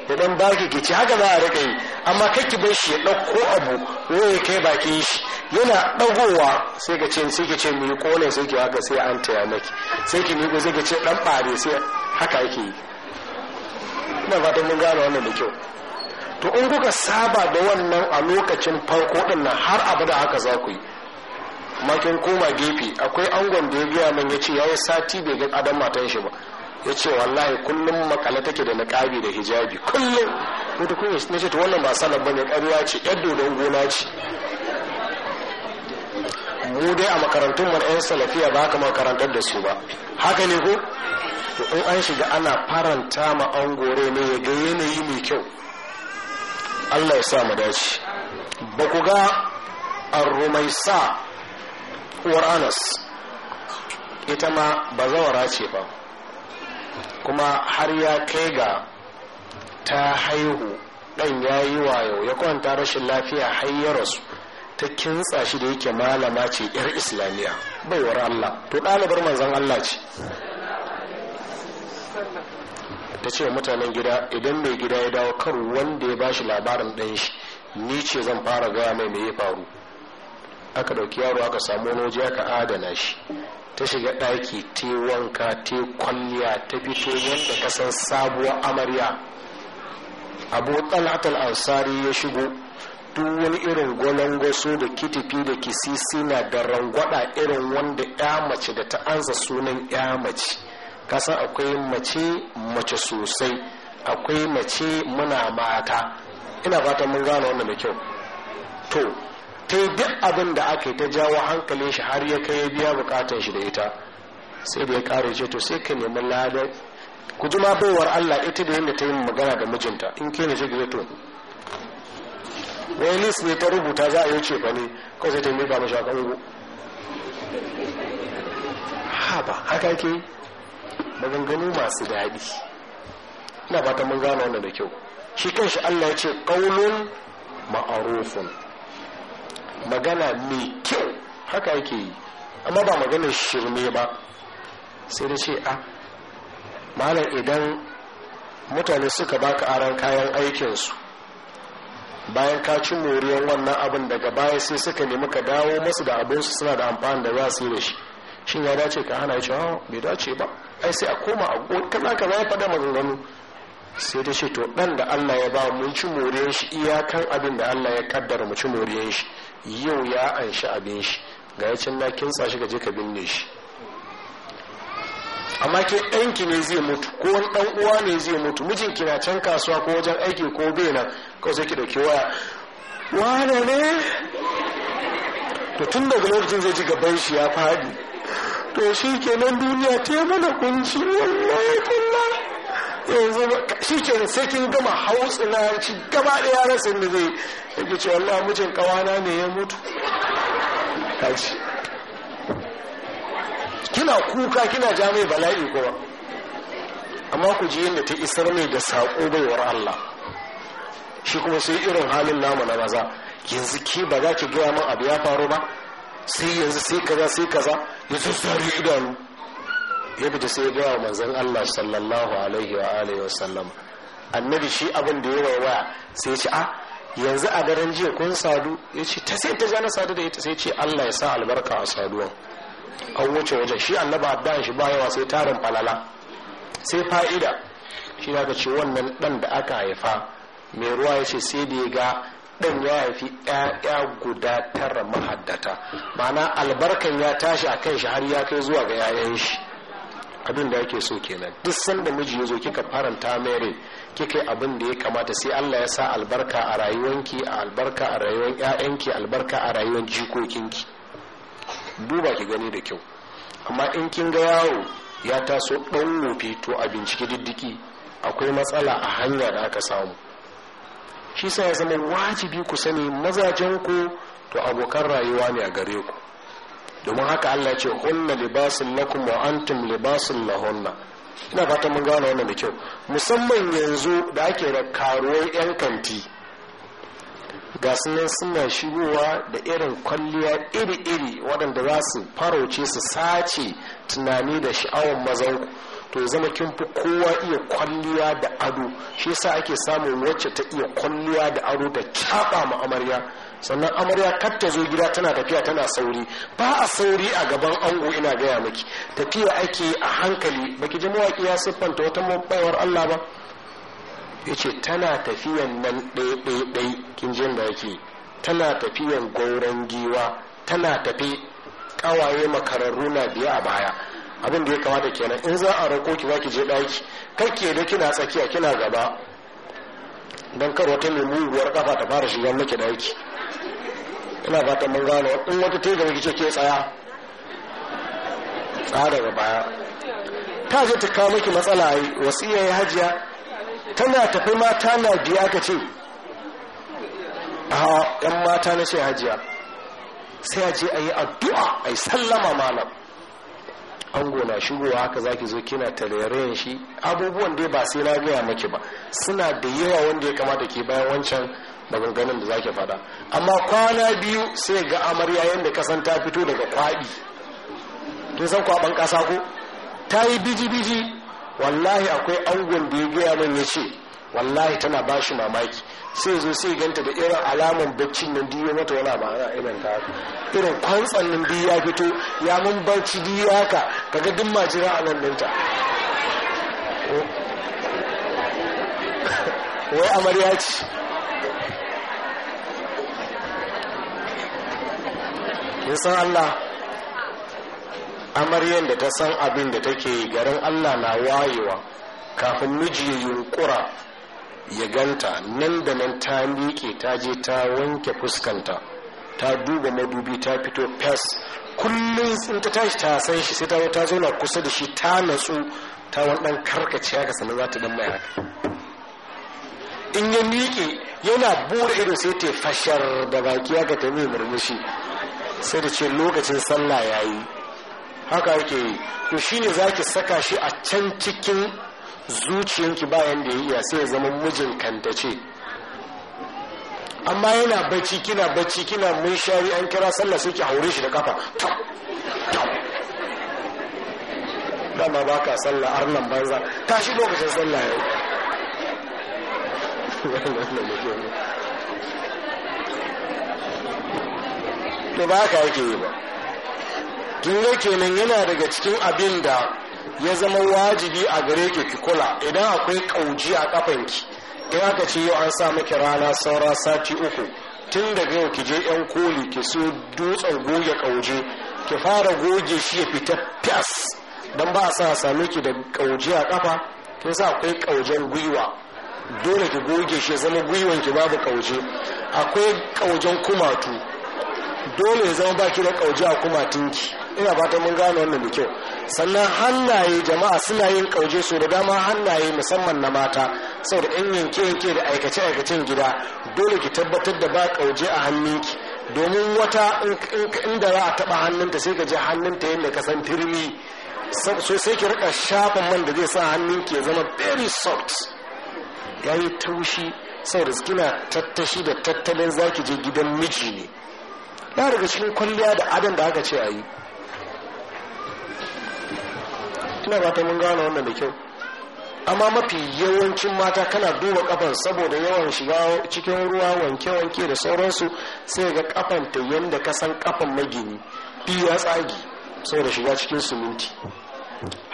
[SPEAKER 1] ya dan baki ki ci haka za a rika yi amma kai ki bar shi ya dauko abu ya kai baki shi yana dagowa sai ka ce sai ka ce mu yi kone sai ki haka sai an taya maki sai ki miƙo sai ka ce dan bare sai haka yake yi ina fatan mun gane wannan da kyau to in kuka saba da wannan a lokacin farko din nan har abada haka za ku yi makin koma gefe akwai angon da ya gaya min ya ce ya yi sati bai ga adam matan shi ba ya ce wallahi kullum makale take da niƙabi da hijabi kullum ko ta kunya na ce wannan ba sanar bane ƙarya ce yar dodon gona ce mu dai a makarantun mu yan salafiya ba haka makarantar da su ba haka ne ko to in an shiga ana faranta ma an gore ne ya ga yanayi mai kyau Allah ya sa mu dace ba ku ga ar-rumaisa uwar Anas ita ma bazawara ce ba kuma har ya kai ga ta haihu ɗan ya yi wayo ya kwanta rashin lafiya har ya ta kintsa shi da yake malama ce 'yar islamiyya baiwar allah to ɗalibar manzan allah ce ta ce mutanen gida idan mai gida ya dawo kar wanda ya bashi labarin ɗan shi ni ce zan fara gaya mai mai ya faru aka ɗauki yaro aka samu wani aka adana shi ta shiga ɗaki ta wanka ta kwalliya ta fito yadda kasan sabuwar amarya abu talatal ansari ya shigo duk wani irin gwalangwaso da kitifi da kisisi na da rangwada irin wanda ya mace da ta ansa sunan ya mace kasan akwai mace mace sosai akwai mace muna mata ina fatan mun gane wannan da kyau to yi duk abin da aka yi ta jawo hankalin shi har ya kai ya biya bukatan shi da ita sai da ya kare ce to sai ka nemi lada. ku ji ma Allah ita da yadda ta yi magana da mijinta in ke ne shiga to wani ne ta rubuta za a yi ce ne kawai sai ta yi ba mashi akan ha haka ke maganganu masu daɗi ina fata mun gane wannan da kyau shi kanshi Allah ya ce ƙaunin ma'arufin. magana mai kyau haka yake yi amma ba magana shirme ba sai da ce a ah, malam idan mutane suka baka aron kayan aikinsu bayan ka ci moriyar wannan abin daga baya sai suka nemi ka dawo masu da abinsu suna da amfani da za su yi da shi shin ya dace ka hana shi hawa ah, bai dace ba ai sai a koma a gona ka kaza ya faɗa maganganu sai da shi to dan da Allah ya ba mun ci moriyar shi iyakan abin da Allah ya kaddara mu ci moriyar shi yau ya anshi abin shi ga ya can na kintsa shi gaje ka binne shi amma ke ɗanki ne zai mutu ko wani ɗan uwa ne zai mutu mijinki na can kasuwa ko wajen aiki ko bai nan kawai sai ki ɗauki waya wane ne to tun daga lokacin zai ji gaban shi ya fadi to shi kenan duniya ta mana kunci wallahi kullum yanzu shi ke da sai kin gama hausina shi gaba da yaran sun da zai yake ce wallah mijin kawana ne ya mutu kashi kina kuka kina ja mai bala'i kuma amma ku ji yadda ta isar mai da saƙo baiwar Allah shi kuma sai irin halin namu na maza yanzu ke ba za ki gaya min abu ya faru ba sai yanzu sai kaza sai kaza ya sassare idanu ya fita sai ya gaya wa manzon Allah sallallahu alaihi wa alihi wa sallam annabi shi abin da ya waya sai ya ce a ah, yanzu a garin jiya kun sadu ya ce ta sai ta na sadu da ita sai ce Allah ya sa albarka a saduwan an wuce wajen shi annaba addan shi ba yawa sai tarin falala sai fa'ida shi da ce wannan dan da aka haifa mai ruwa ya ce sai da ya ga dan ya haifi ƴaƴa guda tara mahaddata ma'ana albarkan ya tashi a kan shi har ya kai zuwa ga 'ya'yan shi abin da yake so kenan duk sanda miji ya zo kika faranta mere kika abin da ya kamata sai Allah ya sa albarka a rayuwanki a albarka a rayuwar ƴaƴanki albarka a rayuwar jikokinki duba ki gani da kyau amma in kin ga yawo ya taso ɗan wofi to a binciki diddiki akwai matsala a hanya da aka samu shi sa ya zama wajibi ku sani mazajen ku to abokan rayuwa ne a gare ku domin haka Allah ya ce hunna libasun lakum wa antum libasun lahunna ina fatan mun gane wannan da kyau musamman yanzu da ake da karuwar yan kanti ga nan suna shigowa da irin kwalliya iri-iri waɗanda za su farauce su sace tunani da sha'awar mazan to zama kin fi kowa iya kwalliya da ado shi yasa ake samun wacce ta iya kwalliya da ado da kyaɓa ma amarya sannan amarya kar ta zo gida tana tafiya tana sauri ba a sauri a gaban ango ina gaya miki tafiya ake a hankali baki ji mawaki ya siffanta wata mabawar Allah ba yace tana tafiyan nan ɗaya ɗaya kin jin da yake tana tafiyan gauran giwa tana tafi kawaye makararru na biya a baya abin da ya kamata kenan in za a rako ki zaki je ɗaki ke da kina tsakiya kina gaba dan kar wata mai muguwar kafa ta fara shiga miki ɗaki ina fatan mun gano in wata teza rikice ce ke tsaya tsaya daga baya ta je ta kawo miki matsala yi wasiya ya hajiya tana tafi mata na biya ka ce a yan mata na ce hajiya sai a je a yi addu'a a yi sallama malam ango na shigowa haka zaki zo kina tarairayin shi abubuwan dai ba sai na gaya maki ba suna da yawa wanda ya kamata ke bayan wancan ganin da zaki fada amma kwana biyu sai ga amarya yadda kasan ta fito daga kwaɗi kin san kwaɓan ƙasa ko ta yi biji-biji wallahi akwai angon da ya gaya min ya ce wallahi tana ba shi mamaki sai zo sai ganta da irin alaman baccin nan diyo mata wani ma'ana irin ta irin kwantsan nan biyu ya fito ya mun barci diyo haka kaga duk majira a nan ɗinta wai amarya ce kin san Allah amaryan da ta san abin da take garin Allah na wayewa kafin miji ya yunkura ya ganta nan da nan ta miƙe ta je ta wanke fuskanta ta duba madubi ta fito fes kullum in ta tashi ta san shi sai ta ta na kusa da shi ta natsu ta wani dan karkace haka sannan za ta dan mai in ya miƙe yana bura irin sai ta fashar da baki ga ta mai murmushi sai da ce lokacin sallah ya yi haka yake yi to shi ne za ki saka shi a can cikin zuciyanki bayan da ya iya sai ya zama mijin kanta ce amma yana bacci kina bacci kina mun shari an kira sallah sai ki haure shi da kafa dama ba ka sallah har nan banza tashi lokacin sallah ya yi to ba ka yake yi ba tun da kenan yana daga cikin abin da ya zama wajibi a gare ki ki kula idan akwai kauji a kafanki in aka ce yau an sa miki rana saura sati uku tun daga yau ki je yan koli ki so dutsen goge kauje ki fara goge shi ya fita fas don ba a sa same ki da kauje a kafa kin sa akwai kaujen gwiwa dole ki goge shi ya zama gwiwan ki babu kauje akwai kaujen kumatu dole ya zama ki da kauje a kumatinki ina fata mun gane wannan da kyau sannan hannaye jama'a suna yin kauje so da dama hannaye musamman na mata saboda yan yanke yanke da aikace aikacen gida dole ki tabbatar da ba kauje a hannunki domin wata inda za a taba hannunta sai ka ji hannunta yadda ka san turmi so sai ki rika shafa man da zai sa hannunki ya zama very soft ya yi taushi saboda kina tattashi da tattalin zaki je gidan miji ne ya daga cikin kwalliya da adan da aka ce a yi ina ba ta mun gane wannan da kyau amma mafi yawancin mata kana duba kafan saboda yawan shiga cikin ruwa wanke-wanke da sauransu sai ga kafan ta yadda ka san kafan magini fi ya tsagi saboda shiga cikin suminti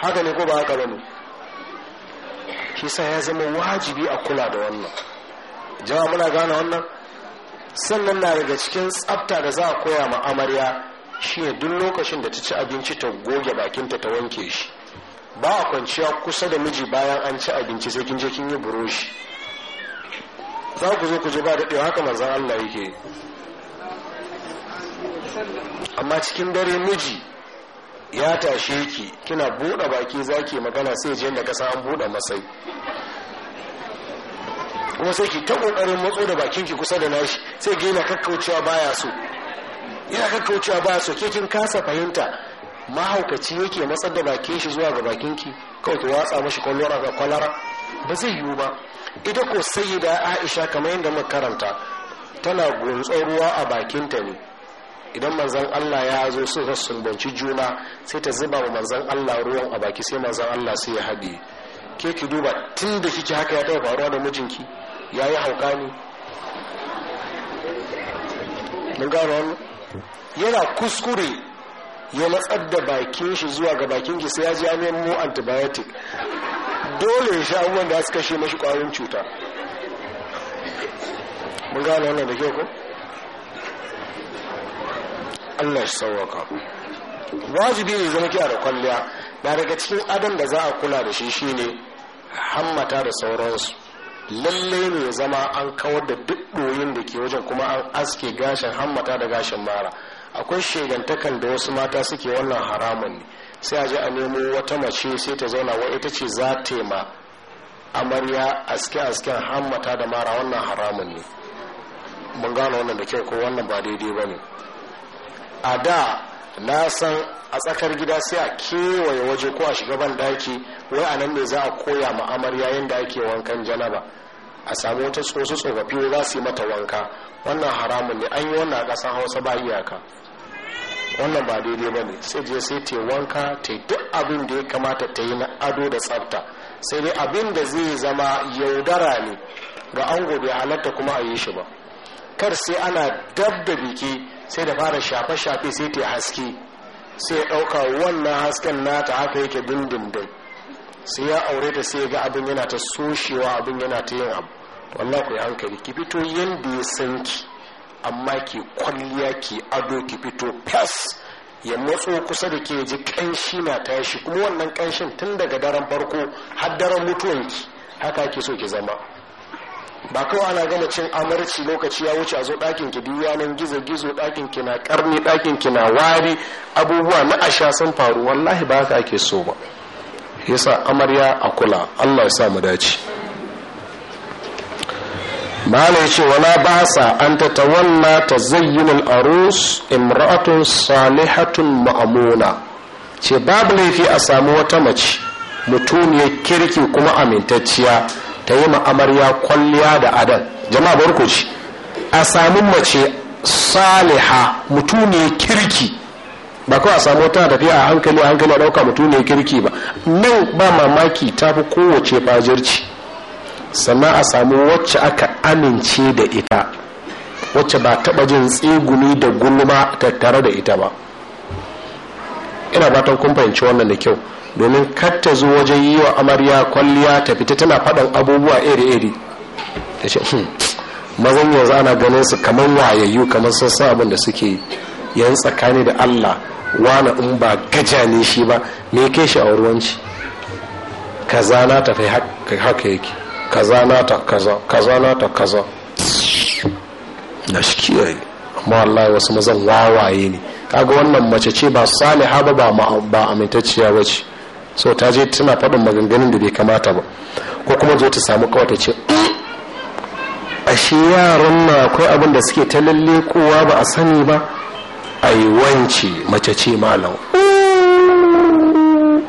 [SPEAKER 1] haka ne ko ba haka bane shi sa ya zama wajibi a kula da wannan Jama muna gane wannan sannan na daga cikin tsafta da za a koya ma amarya shine duk lokacin da ta ci abinci ta goge bakinta ta wanke shi ba a kwanciya kusa da miji bayan an ci abinci sai kin je kin yi buroshi za ku zo ku je ba daɗewa haka manzan Allah yake amma cikin dare miji ya tashe ki kina buɗe baki zaki magana sai je da kasa an buɗe masai kuma sai ki ta kokarin matso da bakin ki kusa da nashi sai ga yana kakkaucewa baya so yana kakkaucewa baya so ke kin kasa fahimta mahaukaci yake matsar da bakin shi zuwa ga bakin ki kawai ki watsa mashi kwalara ga kwalara ba zai yiwu ba ita ko sayyida aisha kamar yadda muka karanta tana guntsar ruwa a bakin ta ne idan manzan Allah ya zo su ka juna sai ta zuba wa manzon Allah ruwan a baki sai manzon Allah sai ya haɗe ke ki duba tun da kike haka ya taɓa faruwa da mijinki ya yi hauka ne mun gano wannan yana kuskure ya matsar da bakin shi zuwa ga bakin ki sai ya ji ya mu antibiotic dole ya sha abubuwan da su kashe mashi kwayoyin cuta mun gano wannan da ke ko Allah ya sauwaka wajibi ne zama kiya da kwalliya na daga cikin adam da za a kula da shi shine hammata da sauransu lalle ne ya zama an kawar da duk ɗoyin da ke wajen kuma an aske gashin hammata da gashin mara akwai shegantakan da wasu mata suke wannan haramun ne sai a je a nemo wata mace sai ta zauna wa ita ce za ta ma amarya aske asken hammata da mara wannan haramun ne mun gano wannan da kyau ko wannan ba daidai ba ne a da na san a tsakar gida sai a kewaye waje ko a shiga ban daki wai a nan ne za a koya ma amarya da ake wankan janaba a samu wata tsosu tsofaffi za su yi mata wanka wannan haramun ne an yi wannan a ƙasar hausa ba iyaka wannan ba daidai ba ne sai je sai ta wanka ta duk abin da ya kamata ta yi na ado da tsafta sai dai abin da zai zama yaudara ne ga ango bai halatta kuma a yi shi ba kar sai ana dab da biki sai da fara shafe-shafe sai ta haske sai ya ɗauka wannan hasken na ta haka yake dindindin sai ya aure ta sai ga abin yana ta soshewa abin yana ta yin abu wallah ku yi hankali ki fito yadda ya san ki amma ki kwalliya ki ado ki fito fes ya matso kusa da ke ji kanshi na tashi kuma wannan kanshin tun daga daren farko har daren mutuwanki haka ki so ki zama ba kawai ana gama cin amarci lokaci ya wuce a zo ɗakin ki duk nan gizo gizo ɗakin ki na karni ɗakin ki na wari abubuwa na asha sun faru wallahi ba haka ake so ba yasa amarya a kula Allah ya sa mu dace cewa ce wala sa an ta ta zayyunan arus imra'atun salihatun ma'amuna ce babu laifi a sami wata mace mutumiyar kirki kuma amintacciya ta yi amarya kwalliya da adan jama'a barkoci a sami mace saliha mutune kirki ba kawai a samu ta tafiya a hankali a hankali a ɗauka mutune kirki ba nan ba mamaki ta fi kowace fajirci sannan a sami wacce aka amince da ita wacce ba taɓa jin tsiguni da gulma tattare da ita ba ina fatan kun fahimci wannan da kyau domin kar ta zo wajen yi wa amarya kwalliya ta fita tana faɗan abubuwa iri-iri ta ce hmm, mazan yanzu ana ganin su kamar wayayyu kamar sun san abin da suke yan tsakani da allah wani in ba gaja ne shi ba me ke shi a ruwanci kaza na tafi haka yake kaza na ta kaza kaza na ta kaza na shi kiyaye amma wallahi wasu mazan wawaye ne kaga wannan mace ce ba saliha ba ba amintacciya ba ce so ta je tana faɗin maganganun da bai kamata ba ko kuma zo ta samu kawai ta ce ashe yaran na akwai abin da suke ta lalle kowa ba a sani ba yi wance mace ce malam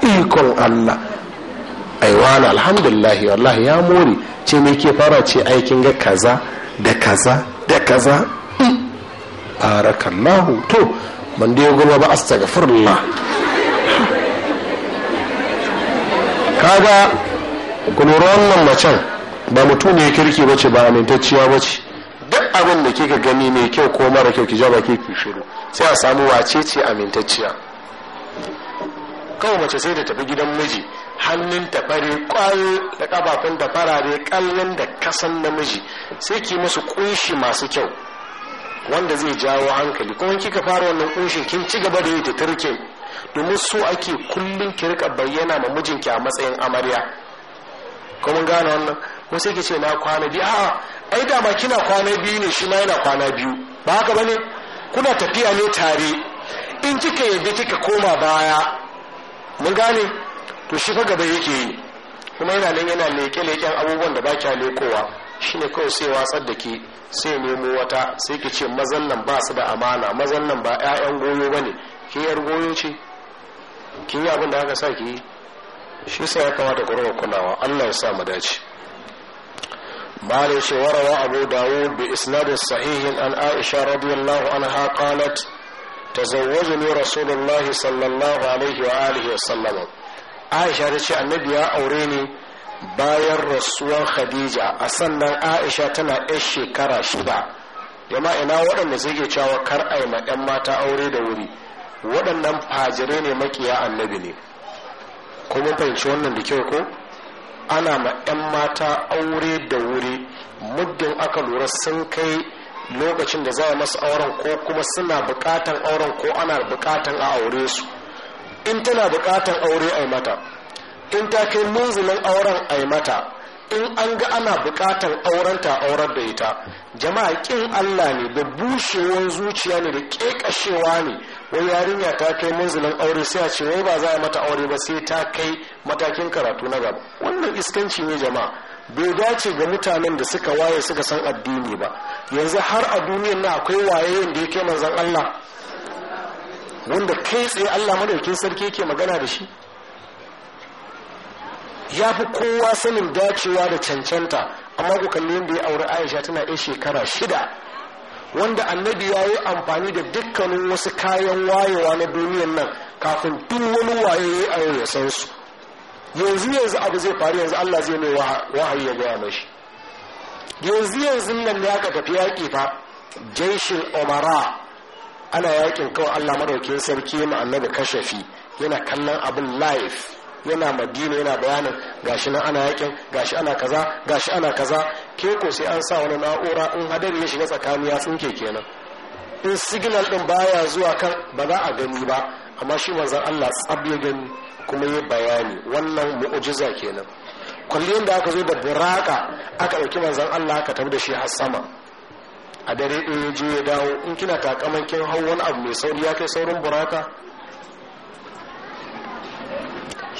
[SPEAKER 1] ikon allah ai wani alhamdulillahi wallahi ya more ce me ke fara ce aikin ga kaza da kaza da kaza hmm. barakallahu to man da ya goma ba astaghfirullah kaga ku wannan macen ba mutum ne kirki bace ba amintacciya bace duk abin da kika gani mai kyau ko mara kyau ki ja baki ki shiru sai a samu wace ce amintacciya kawai mace sai da tafi gidan miji hannun ta fare kwayo da kafafun ta farare kallon da kasan namiji sai ki musu kunshi masu kyau wanda zai jawo hankali kuma kika fara wannan kunshin kin ci gaba da yi ta turke domin so ake kullum ki rika bayyana ma mijinki a matsayin amarya kuma gane wannan wasu yake ce na kwana biyu A'a, ai dama kina kwana biyu ne shi ma yana kwana biyu ba haka bane kuna tafiya ne tare in kika yadda kika koma baya mun gane to shi fa gaba yake yi kuma yana nan yana leke-leken abubuwan da ba kya lekowa shine kawai sai watsar da ke sai nemo wata sai ki ce mazan nan ba su da amana mazan nan ba 'ya'yan goyo ba ne Kin yar goyo ce ki yi abin da aka sa ki yi shi sa ya kamata ku kulawa Allah ya sa mu dace Bale ce warawa abu dawud bi isnadin sahihin an aisha radiyallahu anha qalat tazawwajani rasulullahi sallallahu alaihi wa alihi wa sallam aisha ta ce annabi ya aure ni bayan rasuwan khadija a sannan aisha tana yar shekara shida yamma ina waɗanda zai suke cewa kar a ma 'yan mata aure da wuri waɗannan fajirai ne makiya annabi ne kuma fahimci wannan da kyau ko ana ma 'yan mata aure da wuri muddin aka lura sun kai lokacin da za a masu auren ko kuma suna bukatan auren ko ana bukatan a aure su in tana bukatan aure a mata in ta kai munzulin auren a mata in an ga ana buƙatar aurenta aurar da ita jama'a kin Allah ne da bushewar zuciya ne da ƙeƙashewa ne wai yarinya ta kai munzulin aure sai a ce wai ba za a mata aure ba sai ta kai matakin karatu na gaba wannan iskanci ne jama'a bai dace ga mutanen da suka waye suka san addini ba yanzu har a duniyar na akwai waye da ya kai manzon Allah wanda kai tsaye Allah madaukin sarki yake magana da shi ya fi kowa sanin dacewa da cancanta amma ku kalli yadda ya auri aisha tana 'yan shekara shida wanda annabi ya yi amfani da dukkanin wasu kayan wayewa na duniyan nan kafin duk wani waye ya aure ya san su yanzu yanzu abu zai faru yanzu allah zai mai wahayi ya gaya mashi yanzu yanzu nan ya ka tafi yaƙi fa jaishin omara ana yaƙin kawai allah madaukin sarki ma annabi kashafi yana kallon abin laif. yana madina yana bayanin gashi nan ana yakin gashi ana kaza gashi ana kaza ke ko sai an sa wani na'ura in hadari ya shiga tsakani ya tsinke kenan in signal din baya zuwa kan ba za a gani ba amma shi manzon Allah tsab ya gani kuma ya bayani wannan mu'ujiza kenan kullum da aka zo da buraka aka ɗauki manzon Allah aka tafi da shi har sama a dare ya je ya dawo in kina takaman kin hau wani abu mai sauri ya kai saurin buraka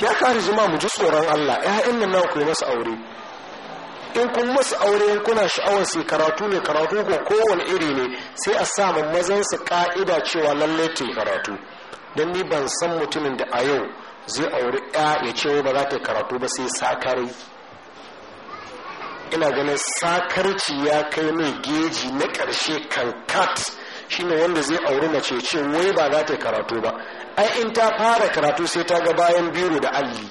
[SPEAKER 1] ya kare zuma mu ji tsoron Allah ƴaƴan nan naku yi masa aure in kun masu aure in kuna sha'awar su karatu ne karatu ko kowane iri ne sai a sa mazan su ka'ida cewa lalle ta karatu don ni ban san mutumin da a yau zai aure ya ya ce ba za ta karatu ba sai sakari ina ganin sakarci ya kai mai geji na ƙarshe kankat shine wanda zai auri mace ce wai ba za ta karatu ba ai in ta fara karatu sai ta ga bayan biro da alli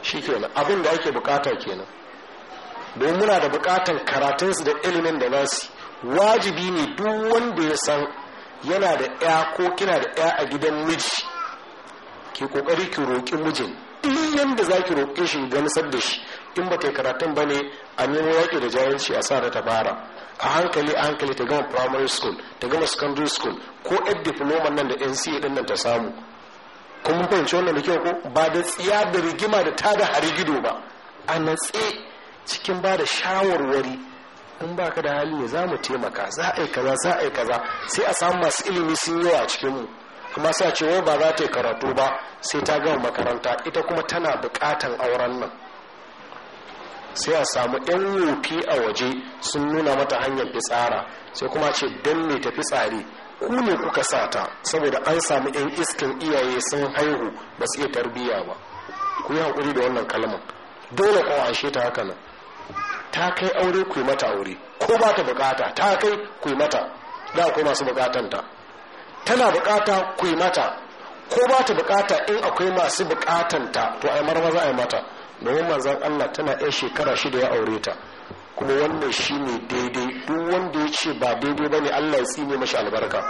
[SPEAKER 1] shi abin da ake bukata kenan don muna da bukatan karatunsu da ilimin da nasu wajibi ne duk wanda ya san yana da ya ko kina da ya a gidan miji ki kokari ki roƙi mijin duk yanda za ki roƙe shi gamsar da shi in ba kai karatun ba ne a nemo yaƙi da jayanci a sa da tabara a hankali a hankali ta gama primary school ta gama secondary school ko yan diploma nan da nca din nan ta samu kuma fahimci wannan da kyau ko ba da tsiya da rigima da ta da hari gido ba a natse cikin ba da shawarwari in ba ka da hali ne za mu taimaka za a yi kaza za a yi kaza sai a samu masu ilimi sun yawa a cikin mu amma sa ce ba za ta yi karatu ba sai ta gama makaranta ita kuma tana bukatan auren nan sai a samu yan wofi a waje sun nuna mata hanyar fitsara sai kuma ce don me tafi tsari ku ne kuka sa ta saboda an samu yan iskin iyaye sun haihu ba su iya tarbiyya ba ku yi hakuri da wannan kalmar dole ko ashe ta haka nan ta kai aure ku mata aure ko ba ta bukata ta kai ku mata da akwai masu bukatan tana bukata ku mata ko ba ta bukata in akwai masu bukatan ta to ai marmaza ai mata domin manzan allah tana yan shekara shida ya aure ta kuma wannan shi ne daidai duk wanda ya ce ba daidai ba ne allah ya tsine mashi albarka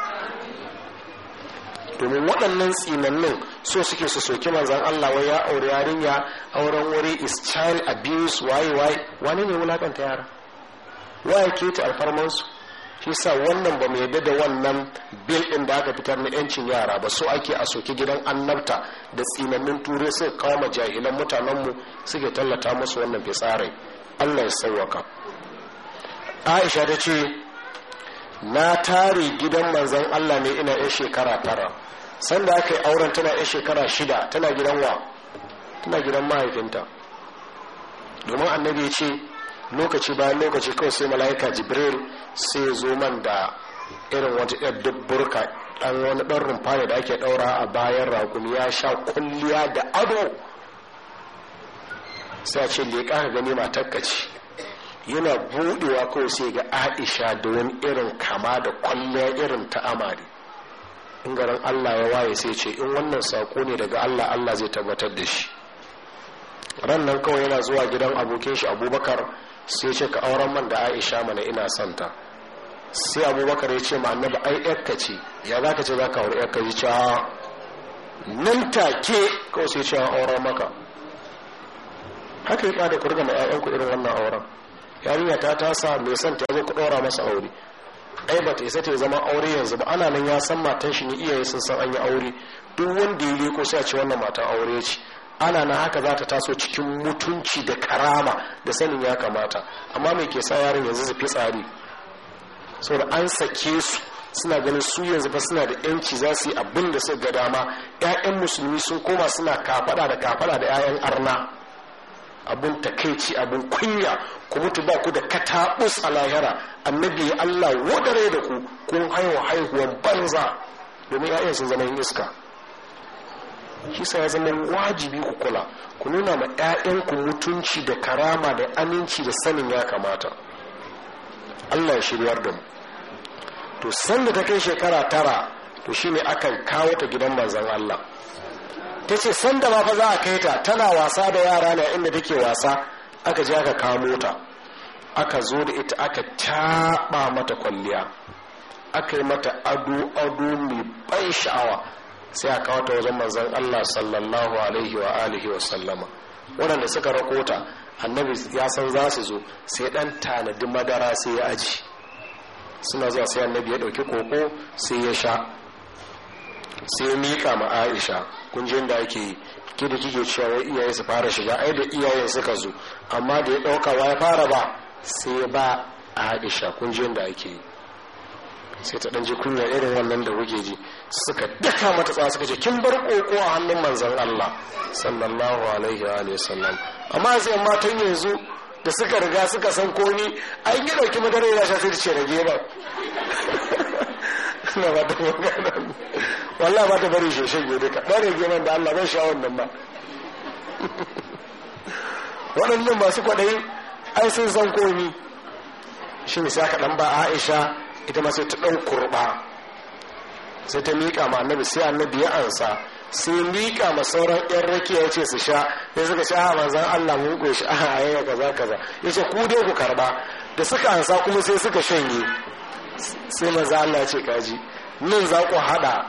[SPEAKER 1] domin waɗannan tsinannin so suke su soki manzan allah wai ya aure yarinya auren wuri is child abuse waye waye wani ne wulakanta yara waye ke ta alfarmansu shi sa wannan ba mu yarda da wannan bil da aka fitar na yancin yara ba so ake a soki gidan annabta da tsinanin turai suka kawo ma jahilan mutanenmu suke tallata musu wannan fitsarai allah ya sauwaka aisha ta ce na tare gidan manzan allah ne ina yan shekara tara sanda aka yi auren tana yan shekara shida tana gidan wa tana gidan mahaifinta domin annabi ya ce lokaci bayan lokaci kawai sai mala'ika jibril sai zo man da irin wata yar dubburka dan wani ɗan rumfa da ake ɗaura a bayan rakumi ya sha kulliya da ado sai a ce leƙa gani matakka ce yana buɗewa kawai sai ga aisha da wani irin kama da kwalliya irin ta amari in garin allah ya waye sai ce in wannan sako ne daga allah allah zai tabbatar da shi ran nan kawai yana zuwa gidan abokin shi abubakar sai ce ka auren man da aisha mana ina santa sai abubakar ya ce ma annabi ai yakka ce ya za ka ce za ka auri yakka ya ce nan take kawai sai ce auren maka haka ya ba ku riga ma ku irin wannan auren yarinya ta tasa mai son ta zo ku ɗora masa aure ai ba ta isa ta zama aure yanzu ba ana nan ya san matan shi ne iyaye sun san an yi aure duk wanda ya leko sai a ce wannan matan aure ce ana na haka za ta taso cikin mutunci da karama da sanin ya kamata amma mai ke sa yaron yanzu zafi tsari saboda an sake su suna ganin su yanzu fa suna da yanci za su yi abin da suka ga dama 'ya'yan musulmi sun koma suna kafada da kafada da 'ya'yan arna abin takaici abin kunya ku mutu ba ku da kataɓus a lahira annabi allah wadare da ku kun haihu haihuwan banza domin 'ya'yan sun zama yin iska kisa ya zama wajibi ku kula ku nuna ma ku mutunci da karama da aminci da sanin ya kamata allah ya shiryar da mu to sanda ta kai shekara tara to shine aka kawo ta gidan manzan allah ta ce sanda ba fa za a kai ta tana wasa da yara na inda take wasa aka je aka kamo ta aka zo da ita aka taɓa mata kwalliya aka yi mata ado ado mai ban sha'awa sai a kawata wajen manzon Allah sallallahu alaihi wa alihi wa sallama waɗanda suka rakota annabi ya san za su zo sai dan tanadi madara sai ya aji suna zuwa sai annabi ya ɗauki koko sai ya sha sai ya miƙa ma aisha kunjin da ake yi da kike cewa iyaye su fara shiga ai da iyayen suka zo amma da ya ɗauka wa ya fara ba sai ba aisha kunjin da ake yi sai ta ɗan kunya irin wannan da wuge ji suka daka mata tsawa suka ce kin bar koko a hannun manzan Allah sallallahu alaihi wa sallam amma sai tun yanzu da suka riga suka san komi a yi ɗauki madara ya shafi da ce da ba na ba ta magana wallah ba ta bari sheshen ya duka ba rage man da Allah ban sha wannan ba waɗannan masu kwaɗayi ai sun san komi shi ne sai ka ɗan ba Aisha ita ma sai ta ɗan kurɓa sai ta miƙa ma annabi sai annabi ya ansa sai miƙa ma sauran yan rakiya ya ce su sha ya suka sha a manzan allah mun shi a yaya kaza kaza ya ce ku dai ku karɓa da suka ansa kuma sai suka shanye sai maza allah ce kaji nan za ku haɗa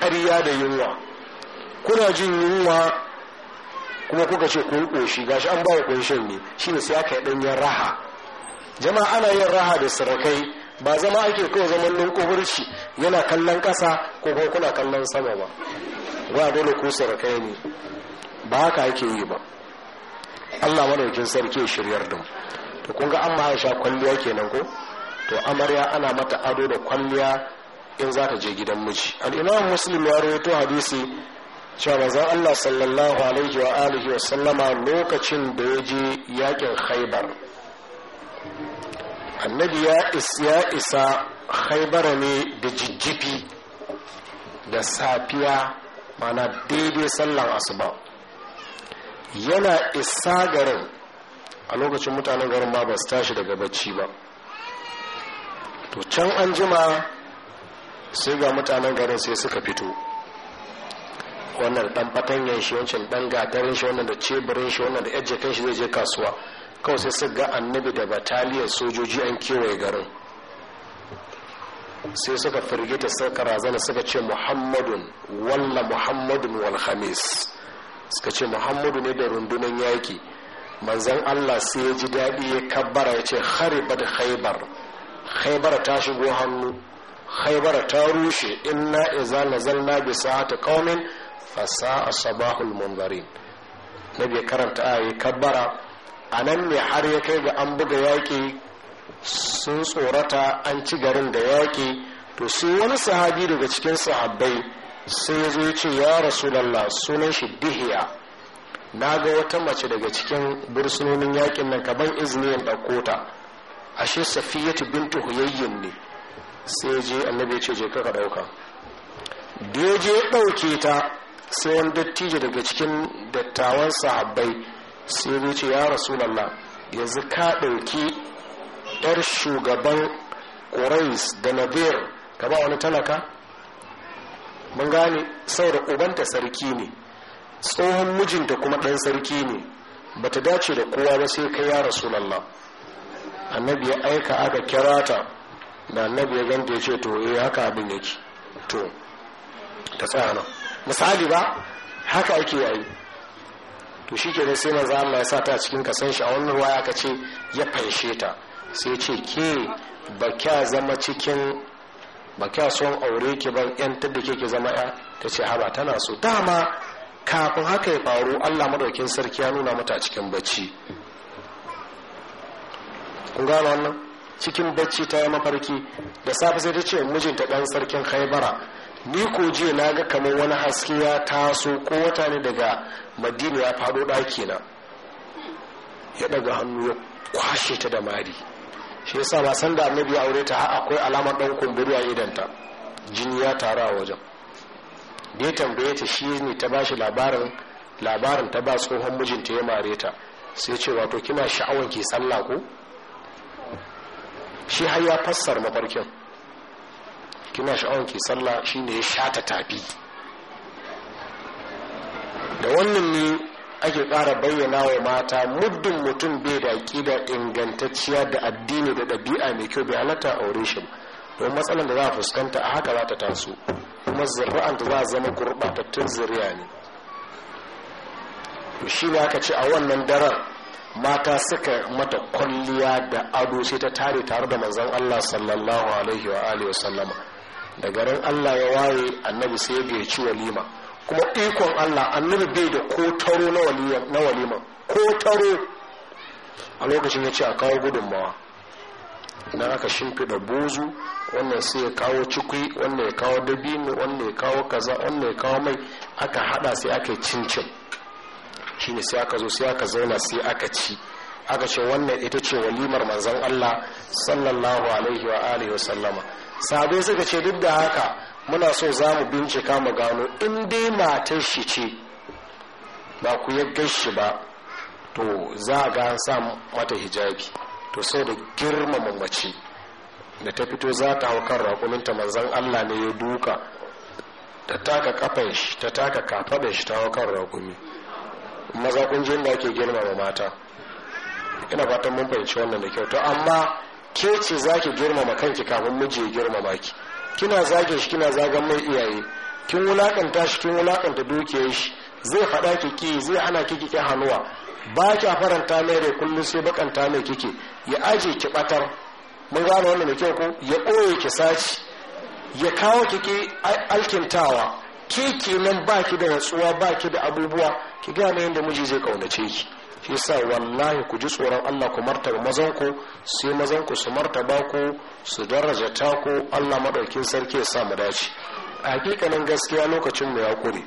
[SPEAKER 1] ƙarya da yunwa kuna jin yunwa kuma kuka ce kun ƙoshi gashi an ba ku kun shanye shine sai aka yi ɗanyen raha jama'a ana yin raha da sarakai ba zama ake kawai zaman lunkuburci yana kallon ƙasa ko kuma kuna kallon sama ba ba dole ku sarakai ne ba haka ake yi ba Allah madaukin sarki ya shiryar da to kun ga an ma Aisha kwalliya kenan ko to amarya ana mata ado da kwalliya in za ta je gidan miji al'imam Muslim ya rawaito hadisi cewa manzon Allah sallallahu alaihi wa alihi wa sallama lokacin da ya je yakin Khaibar annabi ya isa isa haibara ne da jijjifi da safiya mana daidai sallan asuba yana isa garin a lokacin mutanen garin ma ba su tashi daga bacci ba to can an jima sai ga mutanen garin sai suka fito wannan dan fatanyan shi wancan dan gatarin shi wannan da cebirin shi wannan da yajjakan shi zai je kasuwa kawai sai su ga annabi da bataliyar sojoji an kewaye garin sai suka firgita suka razana suka ce muhammadun walla muhammadun wal khamis suka ce muhammadu ne da rundunan yaki manzan allah sai ya ji daɗi ya kabbara ya ce da haibar haibar ta shigo hannu haibar ta rushe inna iza nazalna bi sa'ati qaumin fasa sabahul munzarin nabi karanta ayi kabbara a nan ne har ya kai ga an buga yaƙi sun tsorata an ci garin da yaƙi to sai wani sahabi daga cikin sahabbai sai ya zo ce ya rasulallah sunan shi dihiya na ga wata mace daga cikin bursunonin yaƙin nan kaban izini in ɗauko ta ashe safiyatu bintu huyayyin ne sai je annabi ce je kaka ɗauka da ya je ɗauke ta sai wani dattijo daga cikin dattawan sahabbai sai zai ce ya lalla yanzu ka ɗauki yar shugaban ƙorais da nabir ka ba wani talaka mun gane saboda ubanta sarki ne tsohon mijinta kuma ɗan sarki ne bata dace da kowa ba sai ka ya rasu lalla annabi ya aika aka kira ta da annabi ya ganta ya ce to eh haka abin yake to ta tsaya nan misali ba haka ake yayi to shi ke sai manzo Allah ya sa ta cikin kasan shi a wannan ruwa ka ce ya fanshe ta sai ce ke ba kya zama cikin ba kya son aure ki ba yan da ke zama ya ta ce haba tana so dama kafin haka ya faru Allah madaukin sarki ya nuna mata cikin bacci kun gano wannan cikin bacci ta yi mafarki da safe sai ta ce mijinta ɗan sarkin haibara ni ko jiya na ga kamar wani haske ya taso ko wata ne daga madina ya faɗo ɗaki na ya daga hannu ya kwashe ta da mari shi yasa ba san da annabi ya aure ta akwai alamar ɗan kumburi a idanta jini ya taru a wajen da ya tambaye ta shi ne ta bashi labarin labarin ta ba tsohon mijinta ya mare ta sai ce wato kina sha'awan ki sallah ko shi har ya fassar mafarkin kina sha'awar ki sallah shine ya sha ta tafi da wannan ne ake ƙara bayyana wa mata muddin mutum bai da aƙida ingantacciya da addini da ɗabi'a mai kyau bai halatta aure shi don matsalar da za a fuskanta a haka za ta taso kuma zirra'an da za a zama gurɓatattun ziriya ne to shi ne aka ce a wannan daren mata suka mata kwalliya da ado sai ta tare tare da manzon Allah sallallahu alaihi wa alihi wa sallama da garin allah ya waye annabi sai ya ci walima kuma ikon allah annabi bai da kotaro na walima kotaro a lokacin ya ce a kawo gudunmawa na aka shimfiɗa bozu wannan sai ya kawo cikwi wannan ya kawo dabino wannan ya kawo kaza wannan ya kawo mai aka hada sai aka yi cincin shine sai aka zo sai aka zauna sai aka ci aka ce wannan ita ce walimar manzan Allah sallallahu alaihi wa alihi wa sallama sabai suka ce duk da haka muna so za mu bincika mu gano in dai matar shi ce ba ku yi shi ba to za a ga sa mata hijabi to sau da girmama mace da ta fito za ta hau kan manzan allah ne ya duka ta taka kafa shi ta taka da shi ta hau kan raƙumi maza jin da ake girmama mata ina fatan mun fahimci wannan da kyau to amma ke ce za ki girmama kanki kafin miji ya girmama ki kina zagin shi kina zagan mai iyaye kin wulakanta shi kin wulakanta dukiyar shi zai faɗa ki ki zai ana ki ki hannuwa ba ki faranta mai da kullum sai bakanta mai kike ya aje ki batar mun gano wannan da kyau ko ya ɓoye ki saci ya kawo ki alkintawa ki nan ba ki da natsuwa ba ki da abubuwa ki gane yadda miji zai kaunace ki shi sa wallahi ku ji tsoron Allah ku martaba ku sai mazanku su martaba ku su daraja ta ku Allah madaukin sarki ya sa mu dace hakikanin gaskiya lokacin mu ya kure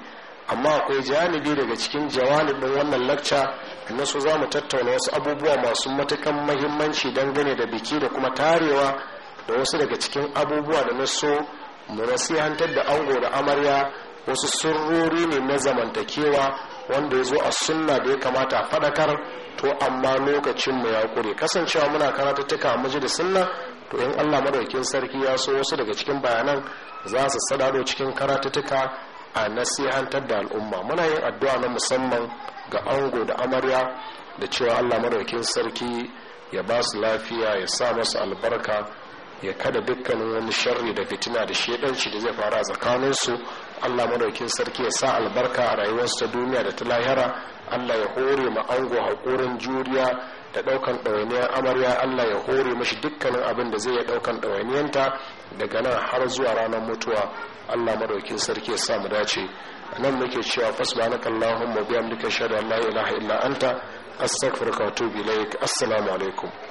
[SPEAKER 1] amma akwai janibi daga cikin jawalibin wannan lakca na su za mu tattauna wasu abubuwa masu matukan mahimmanci dangane da biki da kuma tarewa da wasu daga cikin abubuwa da na so mu nasihantar da ango da amarya wasu sirrori ne na zamantakewa wanda ya zo a sunna da ya kamata a faɗakar to amma lokacin mu ya kure kasancewa muna tuka a majalisun sunna to in allah madaukin sarki ya so wasu daga cikin bayanan za su sadado cikin tuka a nasihantar da al'umma muna yin addu'a na musamman ga ango da amarya da cewa allah madaukin sarki ya ba su lafiya ya sa masu albarka ya kada dukkanin wani sharri da fitina da shedanci da zai fara tsakaninsu allah madaukin sarki ya sa albarka a rayuwarsa ta duniya da ta lahira allah ya hore ma ango haƙorin juriya da ɗaukan ɗawainiyar amarya allah ya hore mashi dukkanin abin da zai ya ɗaukan ɗawainiyanta daga nan har zuwa ranar mutuwa allah madaukin sarki ya sa mu dace nan muke cewa fasbanaka allahumma biyamdika shada la ilaha illa anta astaghfiruka wa atubu ilaik assalamu alaikum